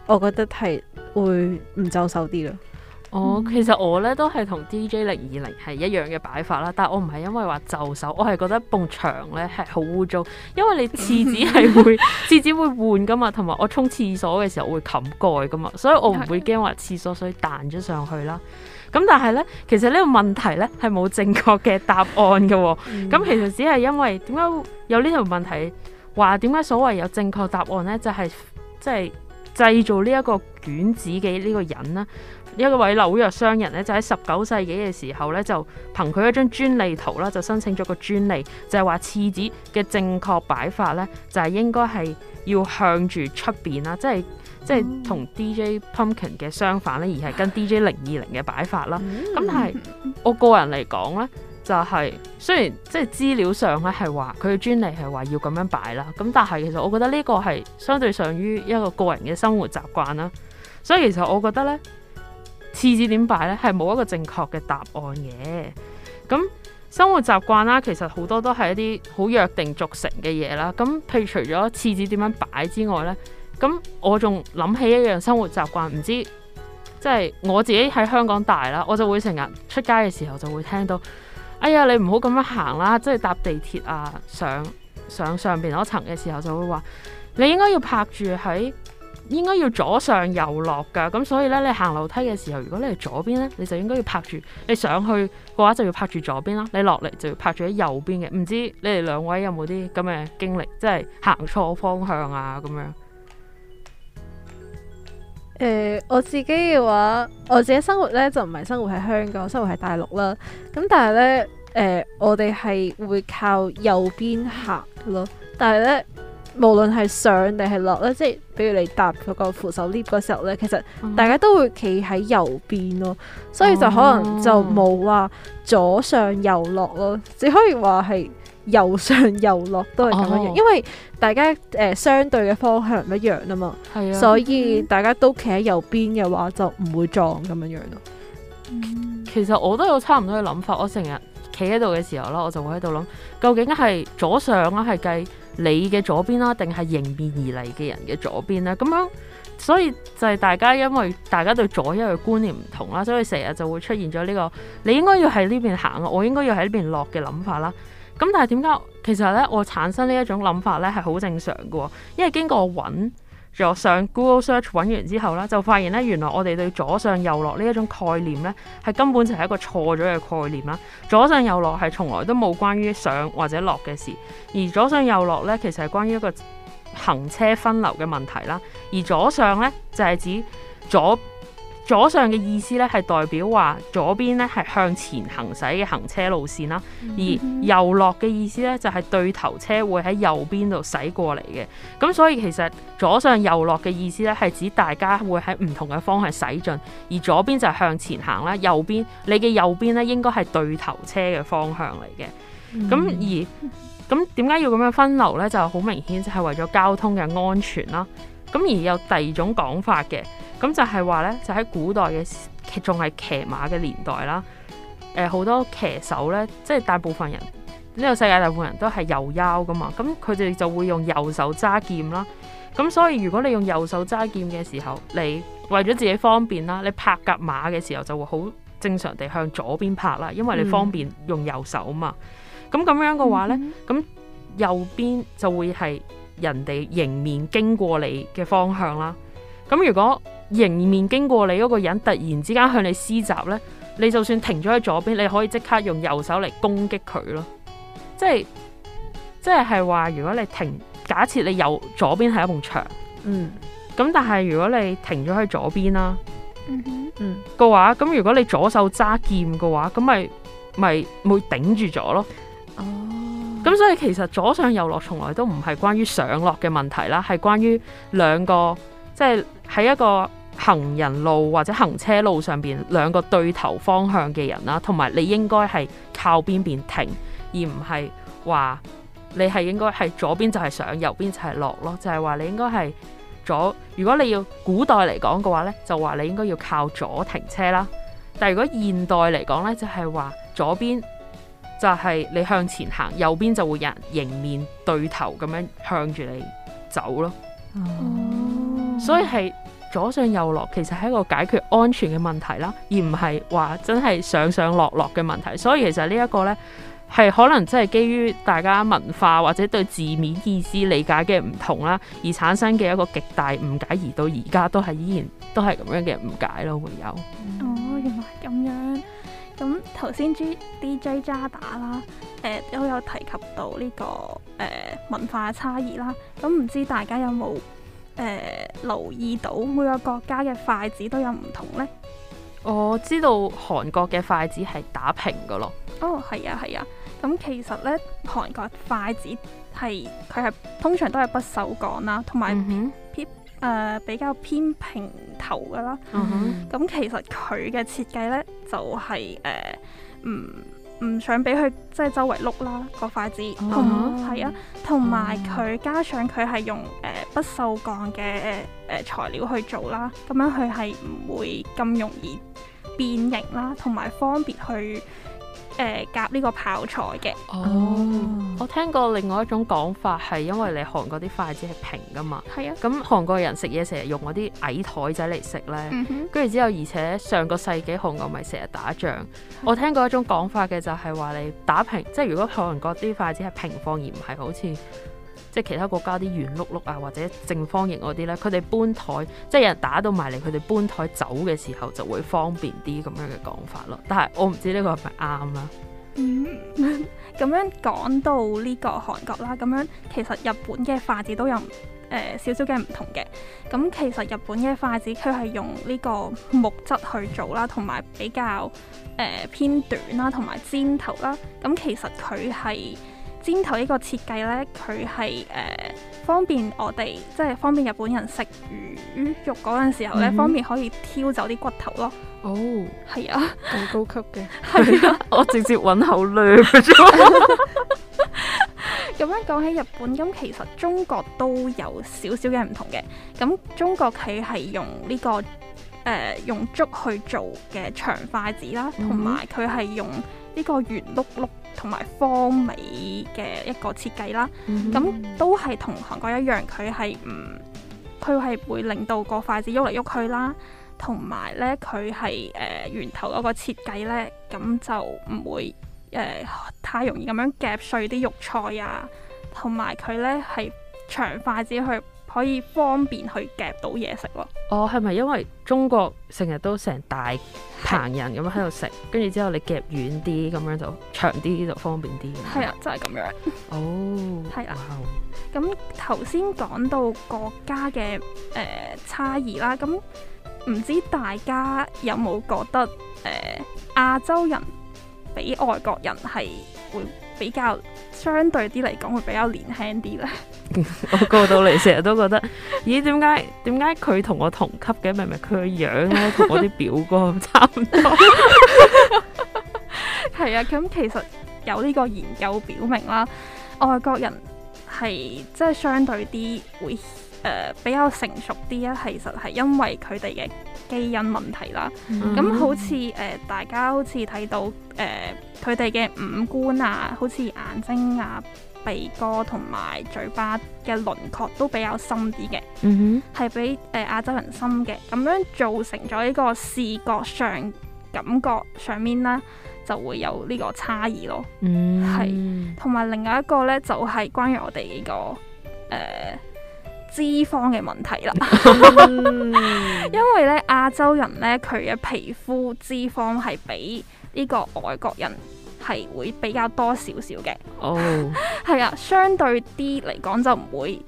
我覺得係會唔就手啲咯。哦，oh, 其實我咧都係同 DJ 零二零係一樣嘅擺法啦，但我唔係因為話就手，我係覺得埲牆咧係好污糟，因為你廁紙係會廁紙 *laughs* 會換噶嘛，同埋我沖廁所嘅時候會冚蓋噶嘛，所以我唔會驚話廁所水彈咗上去啦。咁但係咧，其實呢個問題咧係冇正確嘅答案噶喎，咁其實只係因為點解有呢條問題話點解所謂有正確答案咧，就係即係。就是就是製造呢一個卷紙嘅呢個人呢一位紐約商人呢就喺十九世紀嘅時候呢就憑佢一張專利圖啦，就申請咗個專利，就係話廁紙嘅正確擺法呢就係應該係要向住出邊啦，即係即係同 DJ Pumpkin 嘅相反咧，而係跟 DJ 020嘅擺法啦。咁但係我個人嚟講咧。就係、是，雖然即係資料上咧，係話佢嘅專利係話要咁樣擺啦，咁但係其實我覺得呢個係相對上於一個個人嘅生活習慣啦，所以其實我覺得呢，廁紙點擺呢係冇一個正確嘅答案嘅。咁生活習慣啦，其實好多都係一啲好約定俗成嘅嘢啦。咁譬如除咗廁紙點樣擺之外呢，咁我仲諗起一樣生活習慣，唔知即係、就是、我自己喺香港大啦，我就會成日出街嘅時候就會聽到。哎呀，你唔好咁樣行啦，即係搭地鐵啊，上上上邊嗰層嘅時候就會話，你應該要拍住喺，應該要左上右落㗎，咁所以咧你行樓梯嘅時候，如果你係左邊咧，你就應該要拍住，你上去嘅話就要拍住左邊啦，你落嚟就要拍住喺右邊嘅。唔知你哋兩位有冇啲咁嘅經歷，即係行錯方向啊咁樣？誒、呃，我自己嘅話，我自己生活咧就唔係生活喺香港，生活喺大陸啦。咁但係咧，誒、呃，我哋係會靠右邊行咯。但係咧，無論係上定係落咧，即係比如你搭嗰個扶手 lift 嗰時候咧，其實大家都會企喺右邊咯。所以就可能就冇話左上右落咯，只可以話係。右上右落都係咁樣、哦、因為大家誒、呃、相對嘅方向唔一樣啊嘛，所以大家都企喺右邊嘅話就唔會撞咁樣樣咯。嗯、其實我都有差唔多嘅諗法，我成日企喺度嘅時候啦，我就會喺度諗，究竟係左上啦，係計你嘅左邊啦，定係迎面而嚟嘅人嘅左邊咧？咁樣，所以就係大家因為大家對左右嘅觀念唔同啦，所以成日就會出現咗呢、這個你應該要喺呢邊行，我應該要喺呢邊落嘅諗法啦。咁但係點解？其實咧，我產生呢一種諗法咧，係好正常嘅。因為經過我揾，上 Google Search 揾完之後咧，就發現咧，原來我哋對左上右落呢一種概念咧，係根本就係一個錯咗嘅概念啦。左上右落係從來都冇關於上或者落嘅事，而左上右落咧，其實係關於一個行車分流嘅問題啦。而左上咧，就係指左。左上嘅意思咧，係代表話左邊咧係向前行駛嘅行車路線啦，mm hmm. 而右落嘅意思咧，就係對頭車會喺右邊度駛過嚟嘅。咁所以其實左上右落嘅意思咧係指大家會喺唔同嘅方向駛進，而左邊就係向前行啦，右邊你嘅右邊咧應該係對頭車嘅方向嚟嘅，咁、mm hmm. 而咁點解要咁樣分流咧？就好明顯就係為咗交通嘅安全啦，咁而有第二種講法嘅。咁就係話咧，就喺、是、古代嘅仲係騎馬嘅年代啦。誒、呃，好多騎手咧，即係大部分人呢、這個世界大部分人都係右腰㗎嘛。咁佢哋就會用右手揸劍啦。咁所以如果你用右手揸劍嘅時候，你為咗自己方便啦，你拍甲馬嘅時候就會好正常地向左邊拍啦，因為你方便用右手嘛。咁咁、嗯、樣嘅話咧，咁、嗯嗯、右邊就會係人哋迎面經過你嘅方向啦。咁如果迎面經過你嗰個人突然之間向你施襲呢，你就算停咗喺左邊，你可以即刻用右手嚟攻擊佢咯。即係，即係話如果你停，假設你右左邊係一埲牆，嗯，咁、嗯、但係如果你停咗喺左邊啦，嗯哼，嘅話、嗯，咁如果你左手揸劍嘅話，咁咪咪會頂住咗咯。哦、嗯，咁所以其實左上右落從來都唔係關於上落嘅問題啦，係關於兩個，即係喺一個。行人路或者行車路上邊兩個對頭方向嘅人啦，同埋你應該係靠邊邊停，而唔係話你係應該係左邊就係上，右邊就係落咯，就係話你應該係左。如果你要古代嚟講嘅話咧，就話你應該要靠左停車啦。但係如果現代嚟講咧，就係話左邊就係你向前行，右邊就會有人迎面對頭咁樣向住你走咯。嗯，所以係。左上右落，其實係一個解決安全嘅問題啦，而唔係話真係上上落落嘅問題。所以其實呢一個呢，係可能真係基於大家文化或者對字面意思理解嘅唔同啦，而產生嘅一個極大誤解，而到而家都係依然都係咁樣嘅誤解咯，會有。哦，原來咁樣。咁頭先 DJ 渣打啦，誒都有提及到呢、這個誒、呃、文化嘅差異啦。咁唔知大家有冇？誒、呃，留意到每個國家嘅筷子都有唔同呢？我知道韓國嘅筷子係打平噶咯。哦，係啊，係啊。咁其實呢，韓國筷子係佢係通常都係不鏽鋼啦，同埋偏誒比較偏平頭噶啦。咁其實佢嘅設計呢，就係、是、誒、呃嗯唔想俾佢即係周圍碌啦個筷子，同，係啊，同埋佢加上佢係用誒、呃、不鏽鋼嘅誒、呃、材料去做啦，咁樣佢係唔會咁容易變形啦，同埋方便去。誒夾呢個泡菜嘅哦，嗯、我聽過另外一種講法係因為你韓國啲筷子係平㗎嘛，係啊的，咁韓國人食嘢成日用嗰啲矮台仔嚟食呢。跟住、嗯、哼之後而且上個世紀韓國咪成日打仗，嗯、我聽過一種講法嘅就係話你打平，即、就、係、是、如果韓國啲筷子係平放而唔係好似。即係其他國家啲圓碌碌啊，或者正方形嗰啲咧，佢哋搬台，即係有人打到埋嚟，佢哋搬台走嘅時候就會方便啲，咁樣嘅講法咯。但係我唔知呢個係咪啱啦。嗯，咁樣講到呢個韓國啦，咁樣其實日本嘅筷子都有誒少少嘅唔同嘅。咁、嗯、其實日本嘅筷子佢係用呢個木質去做啦，同埋比較誒、呃、偏短啦，同埋尖頭啦。咁、嗯、其實佢係。尖頭呢個設計呢，佢係誒方便我哋，即係方便日本人食魚，魚肉嗰陣時候呢，嗯、哼方便可以挑走啲骨頭咯。哦，係啊，好高、高級嘅。係啊，我直接揾口掠。咁樣講起日本，咁其實中國都有少少嘅唔同嘅。咁中國佢係用呢、這個誒、呃、用竹去做嘅長筷子啦，同埋佢係用呢個圓碌碌。同埋方尾嘅一個設計啦，咁、mm hmm. 都係同韓國一樣，佢係唔佢係會令到個筷子喐嚟喐去啦，同埋咧佢係誒圓頭嗰個設計咧，咁就唔會誒、呃、太容易咁樣夾碎啲肉菜啊，同埋佢咧係長筷子去，可以方便去夾到嘢食咯。哦，係咪因為中國成日都成大棚人咁樣喺度食，跟住 *laughs* 之後你夾遠啲，咁樣就長啲就方便啲？係 *laughs* 啊，就係、係、咁樣。哦。係啊。咁頭先講到國家嘅誒、呃、差異啦，咁、嗯、唔知大家有冇覺得誒、呃、亞洲人比外國人係會，比較相對啲嚟講，會比較年輕啲啦。我過到嚟，成日都覺得，咦，點解點解佢同我同級嘅？明明佢個樣咧，同我啲表哥差唔多。係啊，咁其實有呢個研究表明啦，外國人係即係相對啲會誒比較成熟啲啊。其實係因爲佢哋嘅基因問題啦。咁好似誒，大家好似睇到誒。佢哋嘅五官啊，好似眼睛啊、鼻哥同埋嘴巴嘅輪廓都比較深啲嘅，係、mm hmm. 比誒亞、呃、洲人深嘅，咁樣造成咗呢個視覺上感覺上面咧就會有呢個差異咯，係、mm。同、hmm. 埋另外一個咧就係、是、關於我哋呢、這個誒、呃、脂肪嘅問題啦，mm hmm. *laughs* 因為咧亞洲人咧佢嘅皮膚脂肪係比。呢個外國人係會比較多少少嘅，係啊，相對啲嚟講就唔會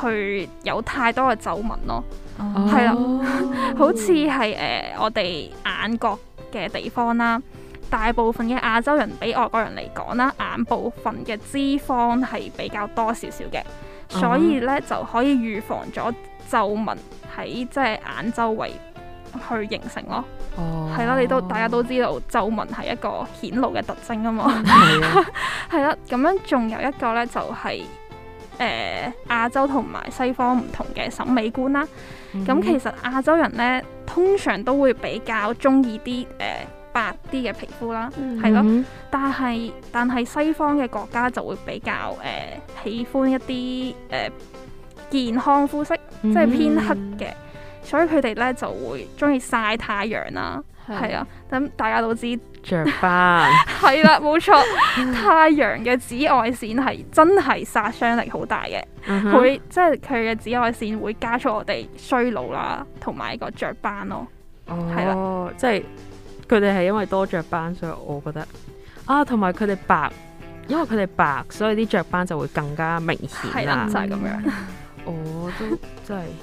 去有太多嘅皺紋咯，係啊、oh. *laughs* 好似係誒我哋眼角嘅地方啦，大部分嘅亞洲人比外國人嚟講啦，眼部份嘅脂肪係比較多少少嘅，oh. 所以咧就可以預防咗皺紋喺即係眼周圍。去形成咯，係咯、哦，你都大家都知道皺紋係一個顯露嘅特徵啊嘛，係啦、嗯，咁樣仲有一個呢，就係誒亞洲同埋西方唔同嘅審美觀啦，咁、嗯、其實亞洲人呢，通常都會比較中意啲誒白啲嘅皮膚啦，係、嗯、咯，但係但係西方嘅國家就會比較誒、呃、喜歡一啲誒、呃、健康膚色，嗯、即係偏黑嘅。所以佢哋咧就會中意曬太陽啦，係啊的，咁大家都知雀斑，係啦， *laughs* 冇錯， *laughs* 太陽嘅紫外線係真係殺傷力好大嘅，會、嗯、哼即係佢嘅紫外線會加速我哋衰老啦，同埋個雀斑咯，哦，的哦即係佢哋係因為多雀斑，所以我覺得啊，同埋佢哋白，因為佢哋白，所以啲雀斑就會更加明顯啦，就係咁樣， *laughs* 我都真係。真 *laughs*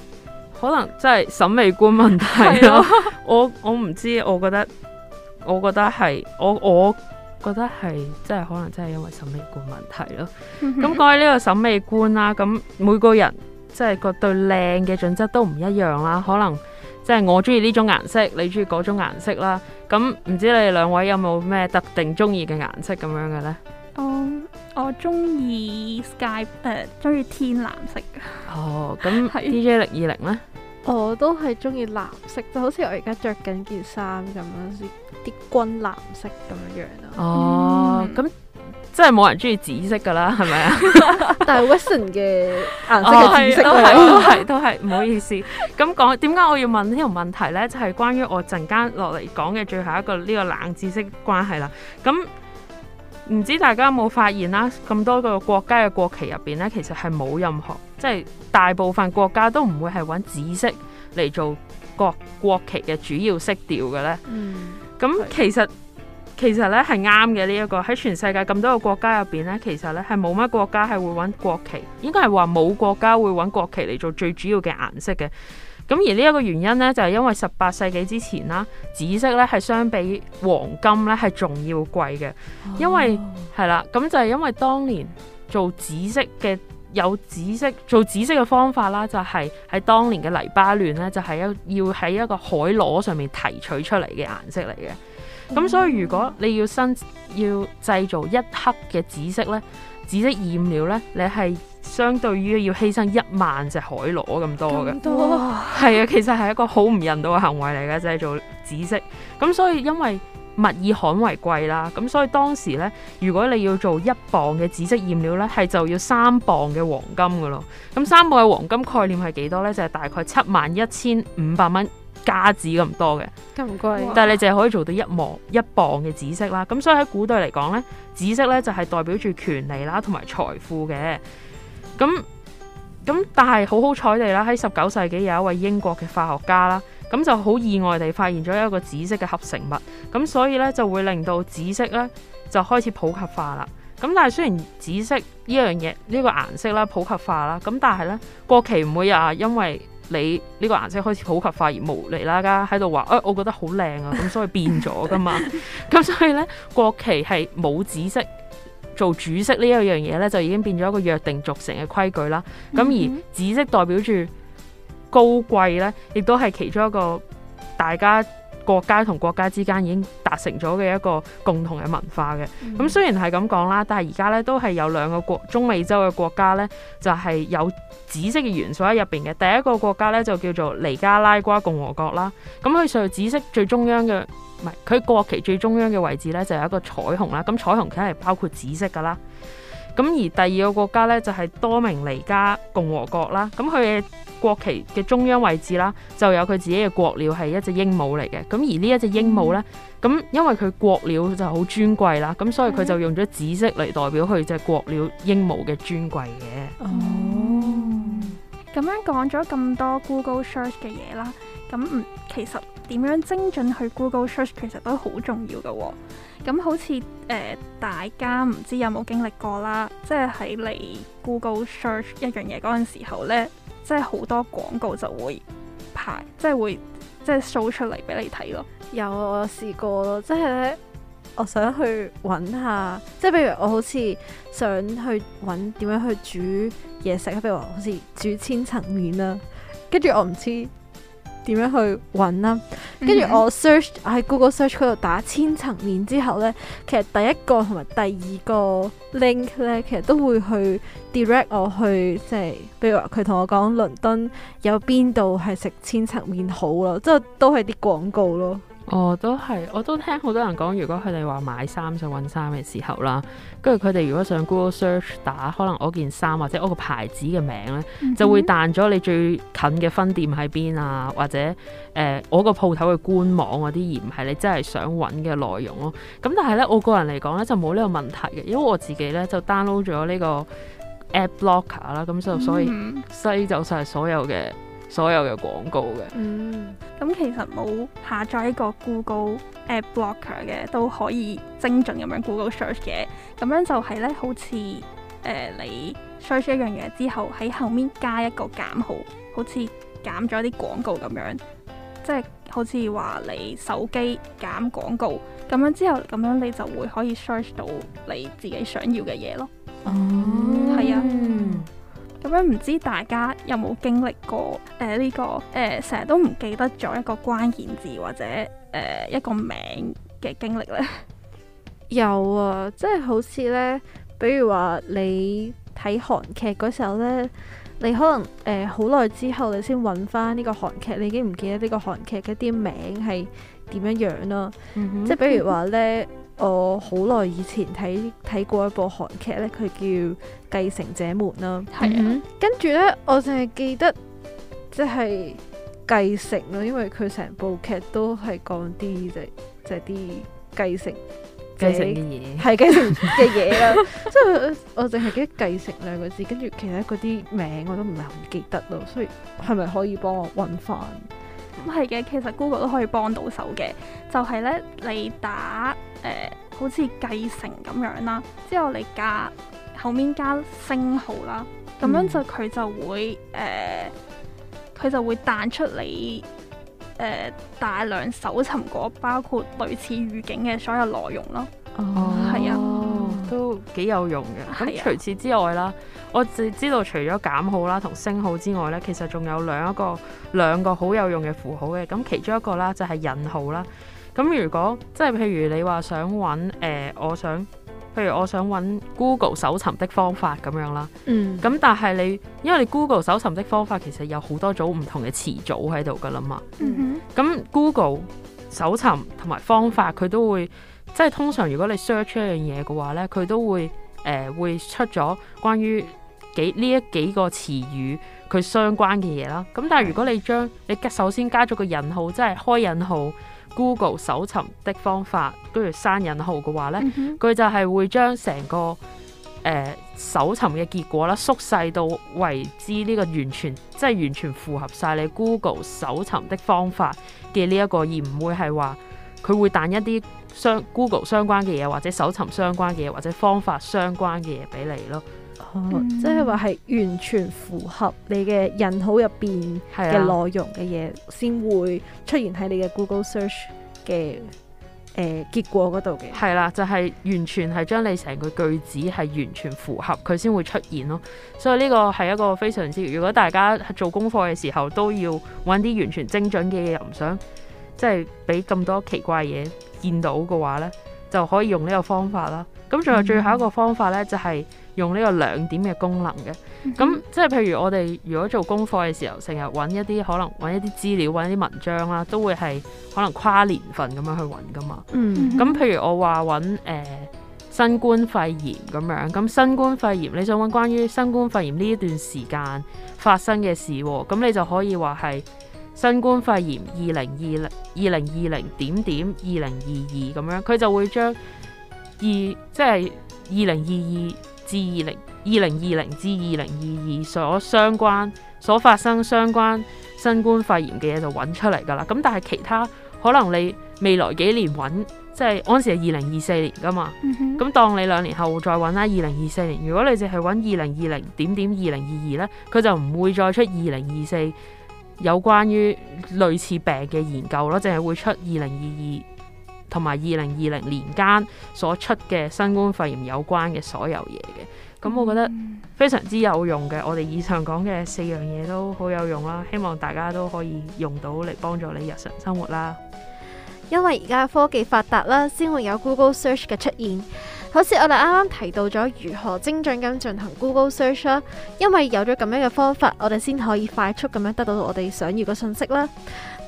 可能真係審美觀問題咯 *laughs* 是的。我我唔知，我覺得我覺得係我我覺得係真係可能真係因為審美觀問題咯。咁講起呢個審美觀啦，咁每個人即係個對靚嘅準則都唔一樣啦。可能即係我中意呢種顏色，你中意嗰種顏色啦。咁唔知你哋兩位有冇咩特定中意嘅顏色咁樣嘅咧？Um, 我我中意 sky 誒、呃，中意天藍色。哦，咁 DJ 零二零咧？ *laughs* 我都係中意藍色，就好似我而家着緊件衫咁樣，啲軍藍色咁樣樣咯。哦、咁、嗯、真係冇人中意紫色噶啦，係咪啊？ *laughs* 但係 Weston 嘅顏色係紫色嚟咯。係、 *laughs* 哦、都係唔 *laughs* 好意思。咁講， *laughs* *laughs* 點解我要問呢個問題咧？就係、是、關於我陣間落嚟講嘅最後一個呢個冷知識關係啦。咁。唔知大家有冇發現啦？咁多個國家嘅國旗入邊呢，其實係冇任何，即係大部分國家都唔會係揾紫色嚟做國國旗嘅主要色調嘅呢。咁、嗯、其實的其實呢係啱嘅呢一個喺全世界咁多個國家入邊呢，其實呢係冇乜國家係會揾國旗，應該係話冇國家會揾國旗嚟做最主要嘅顏色嘅。咁而呢一個原因呢，就係、是、因為十八世紀之前啦，紫色呢係相比黃金呢係仲要貴嘅，因為係啦，咁、oh. 就係因為當年做紫色嘅有紫色做紫色嘅方法啦，就係、是、喺當年嘅黎巴嫩呢，就係、是、一要喺一個海螺上面提取出嚟嘅顏色嚟嘅。咁、oh. 所以如果你要生要製造一克嘅紫色呢，紫色染料呢，你係。相對於要犧牲一萬隻海螺咁多嘅，係啊哇，其實係一個好唔人道嘅行為嚟嘅，就係、是、做紫色咁。所以因為物以罕為貴啦，咁所以當時呢，如果你要做一磅嘅紫色染料呢，係就要三磅嘅黃金噶咯。咁三磅嘅黃金概念係幾多呢？就係、是、大概七萬一千五百蚊加紙咁多嘅，咁貴。哇但係你凈係可以做到一磅一磅嘅紫色啦。咁所以喺古代嚟講呢，紫色呢就係代表住權利啦，同埋財富嘅。咁咁、嗯嗯，但係好好彩地啦，喺十九世紀有一位英國嘅化學家啦，咁、嗯、就好意外地發現咗一個紫色嘅合成物，咁、嗯、所以呢，就會令到紫色呢，就開始普及化啦。咁、嗯、但係雖然紫色，樣、這個、色呢樣嘢呢個顏色啦普及化啦，咁、嗯、但係呢，國旗唔會啊，因為你呢個顏色開始普及化而冇嚟啦家喺度話，誒、哎，我覺得好靚啊，咁、嗯、所以變咗噶嘛，咁、嗯、所以呢，國旗係冇紫色。做主色呢一樣嘢咧，就已經變咗一個約定俗成嘅規矩啦。咁、mm hmm. 而紫色代表住高貴咧，亦都係其中一個大家國家同國家之間已經達成咗嘅一個共同嘅文化嘅。咁、mm hmm. 雖然係咁講啦，但係而家咧都係有兩個國中美洲嘅國家咧，就係有紫色嘅元素喺入邊嘅。第一個國家咧就叫做尼加拉瓜共和國啦。咁佢上紫色最中央嘅。佢國旗最中央嘅位置咧就有一個彩虹啦。咁彩虹其實係包括紫色㗎啦。咁而第二個國家咧就係、是、多明尼加共和國啦。咁佢嘅國旗嘅中央位置啦就有佢自己嘅國鳥係一隻鸚鵡嚟嘅。咁而一隻呢一隻鸚鵡咧，咁、嗯、因為佢國鳥就好尊貴啦，咁所以佢就用咗紫色嚟代表佢隻國鳥鸚鵡嘅尊貴嘅。嗯、哦，咁樣講咗咁多 Google Search 嘅嘢啦，咁其實。點樣精準去 Google Search 其實都好重要嘅喎、哦，咁好似誒、呃、大家唔知有冇經歷過啦，即係喺你 Google Search 一樣嘢嗰陣時候呢，即係好多廣告就會排，即係會即係 show 出嚟俾你睇咯。有我有試過咯，即係呢，我想去揾下，即係譬如我好似想去揾點樣去煮嘢食，譬如話好似煮千層麵啦，跟住我唔知，點樣去揾啦？跟住我 search，喺 Google search 嗰度打千層麵之後呢，其實第一個同埋第二個 link 咧，其實都會去 direct 我去，即係譬如話佢同我講，倫敦有邊度係食千層麵好咯，即係都係啲廣告咯。我、哦、都係，我都聽好多人講，如果佢哋話買衫想搵衫嘅時候啦，跟住佢哋如果上 Google Search 打可能我件衫或者我個牌子嘅名呢，嗯、哼就會彈咗你最近嘅分店喺邊啊，或者誒、呃、我個鋪頭嘅官網嗰啲，而唔係你真係想搵嘅內容咯。咁但係呢，我個人嚟講呢，就冇呢個問題嘅，因為我自己呢，就 download 咗呢個 App Blocker 啦，咁、嗯、就、嗯、哼所以篩走晒所有嘅。所有嘅廣告嘅、嗯，咁其實冇下載一個 Google App Blocker 嘅都可以精準咁樣 Google Search 嘅，咁樣就係咧好似誒、呃、你 search 一樣嘢之後喺後面加一個減號，好似減咗啲廣告咁樣，即係好似話你手機減廣告咁樣，之後咁樣你就會可以 search 到你自己想要嘅嘢咯。哦、嗯，係啊。咁樣唔知大家有冇經歷過誒呢、呃呢個誒成日都唔記得咗一個關鍵字或者誒、呃、一個名嘅經歷呢？有啊，即係好似呢，比如話你睇韓劇嗰時候呢，你可能誒好耐之後你先揾翻呢個韓劇，你已經唔記得呢個韓劇嘅啲名係點樣樣啦。嗯、哼即係比如話呢。 *laughs* 我好耐以前睇睇過一部韓劇咧，佢叫《繼承者們》啦，係啊。嗯嗯，跟住咧，我淨係記得即係繼承咯，因為佢成部劇都係講啲即即啲繼承繼承嘅嘢，係繼承嘅嘢咯。即係我淨係記得繼承兩個字，跟住其他嗰啲名我都唔係好記得咯。所以係咪可以幫我搵翻？咁係嘅，其實 Google 都可以幫到手嘅，就係咧你打。誒、呃，好似繼承咁樣啦，之後你加後面加星號啦，咁樣就佢就會誒，佢、呃、就會彈出你誒、呃、大量搜尋過包括類似預警嘅所有內容咯。哦，係啊、哦，都幾有用嘅。咁除此之外啦，啊、我知知道除咗減號啦同星號之外呢，其實仲有兩一個兩個好有用嘅符號嘅。咁其中一個啦就係引號啦。咁如果即係，譬如你話想揾、呃、我想譬如我想揾 Google 搜尋的方法咁樣啦。嗯。咁但係你因為你 Google 搜尋的方法其實有好多種唔同嘅詞組喺度噶啦嘛。嗯哼。咁 Google 搜尋同埋方法佢都會即係，通常如果你 search 一樣嘢嘅話咧，佢都會誒、呃、會出咗關於幾呢一幾個詞語佢相關嘅嘢啦。咁但係如果你將你首先加咗個引號，即係開引號。Google 搜尋的方法，跟住刪引號嘅話呢，佢、mm hmm. 就係會將成個誒、呃、搜尋嘅結果啦，縮細到為之呢個完全，即係完全符合晒你 Google 搜尋的方法嘅呢一個，而唔會係話佢會彈一啲相 Google 相關嘅嘢，或者搜尋相關嘅嘢，或者方法相關嘅嘢俾你咯。Oh, 即係話係完全符合你嘅引號入邊嘅內容嘅嘢，先、啊、會出現喺你嘅 Google Search 嘅誒、呃、結果嗰度嘅係啦，就係、是、完全係將你成個句、句子係完全符合佢先會出現咯。所以呢個係一個非常之，如果大家做功課嘅時候都要揾啲完全精準嘅嘢，又唔想即係俾咁多奇怪嘢見到嘅話呢，就可以用呢個方法啦。咁最後最後一個方法呢，嗯、就係、是。用呢個兩點嘅功能嘅，咁、mm hmm. 即係譬如我哋如果做功課嘅時候，成日揾一啲可能揾一啲資料，揾一啲文章啦、啊，都會係可能跨年份咁樣去揾噶嘛。咁、mm hmm. 譬如我話揾誒新冠肺炎咁樣，咁新冠肺炎你想揾關於新冠肺炎呢一段時間發生嘅事喎、啊，咁你就可以話係新冠肺炎二零二零二零二零點點二零二二咁樣，佢就會將二即係二零二二。自至二零二零二零至二零二二所相關所發生相關新冠肺炎嘅嘢就揾出嚟㗎啦，咁但係其他可能你未來幾年揾，即係嗰陣時係二零二四年㗎嘛，咁、嗯、哼當你兩年後再揾啦，二零二四年，如果你淨係揾二零二零點點二零二二咧，佢就唔會再出二零二四有關於類似病嘅研究咯，淨係會出二零二二。同埋二零二零年間所出嘅新冠肺炎有關嘅所有嘢嘅，咁、嗯、我覺得非常之有用嘅。我哋以上講嘅四樣嘢都好有用啦，希望大家都可以用到嚟幫助你日常生活啦。因為而家科技發達啦，先會有 Google Search 嘅出現。好似我哋啱啱提到咗如何精準咁進行 Google Search 啦，因為有咗咁樣嘅方法，我哋先可以快速咁樣得到我哋想要嘅信息啦。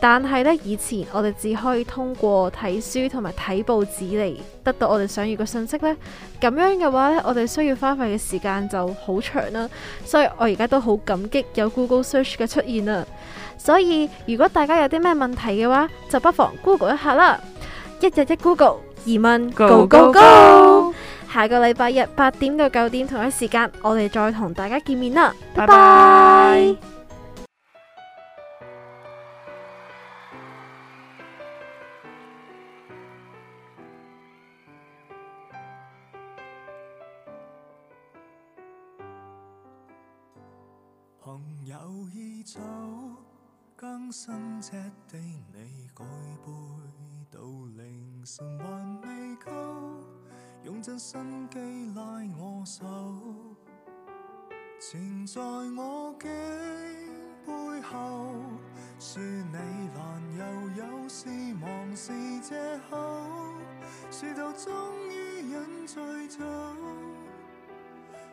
但係咧，以前我哋只可以通過睇書同埋睇報紙嚟得到我哋想要嘅信息呢，咁樣嘅話咧，我哋需要花費嘅時間就好長啦。所以我而家都好感激有 Google Search 嘅出現啊。所以如果大家有啲咩問題嘅話，就不妨 Google 一下啦。一日一 Google，疑問 Go Go Go, go！下個禮拜日八點到九點同一時間，我哋再同大家見面啦。拜拜。燈心赤的你舉杯到凌晨還未夠，用盡心機拉我手，情在我頸背後，說你難又有，有是忙是借口，說到終於飲醉酒，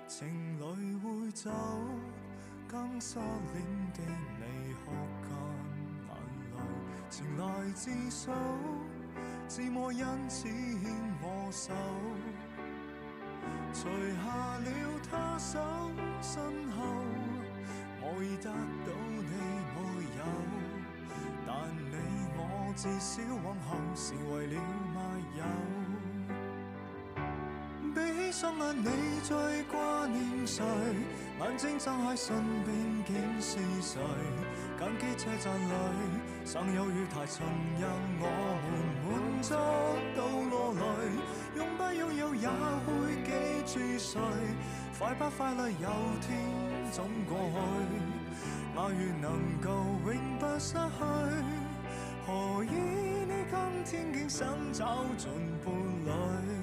情侶會走，更失戀地。情來自首，至愛因此牽我手。除下了他手，身後我已得到你愛有。但你我至少往後成為了密友。閉起雙眼，你最掛念誰？眼睛張開，身邊竟是誰？感激車站裡，尚有月台曾讓我們滿足到落淚。擁不擁有也會記住誰？快不快樂有天總過去。愛若能夠永不失去，何以你今天竟想找尋伴侶？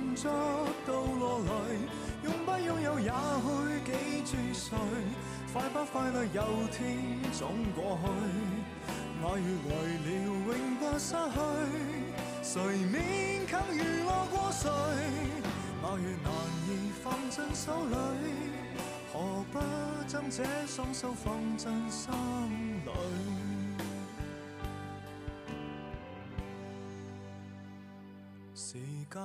執著都落淚，擁不擁有，也許記住誰，快不快樂，有天總過去。愛若為了永不失去，誰勉強娛樂過誰？愛若難以放進手裏，何不將這雙手放進心裏？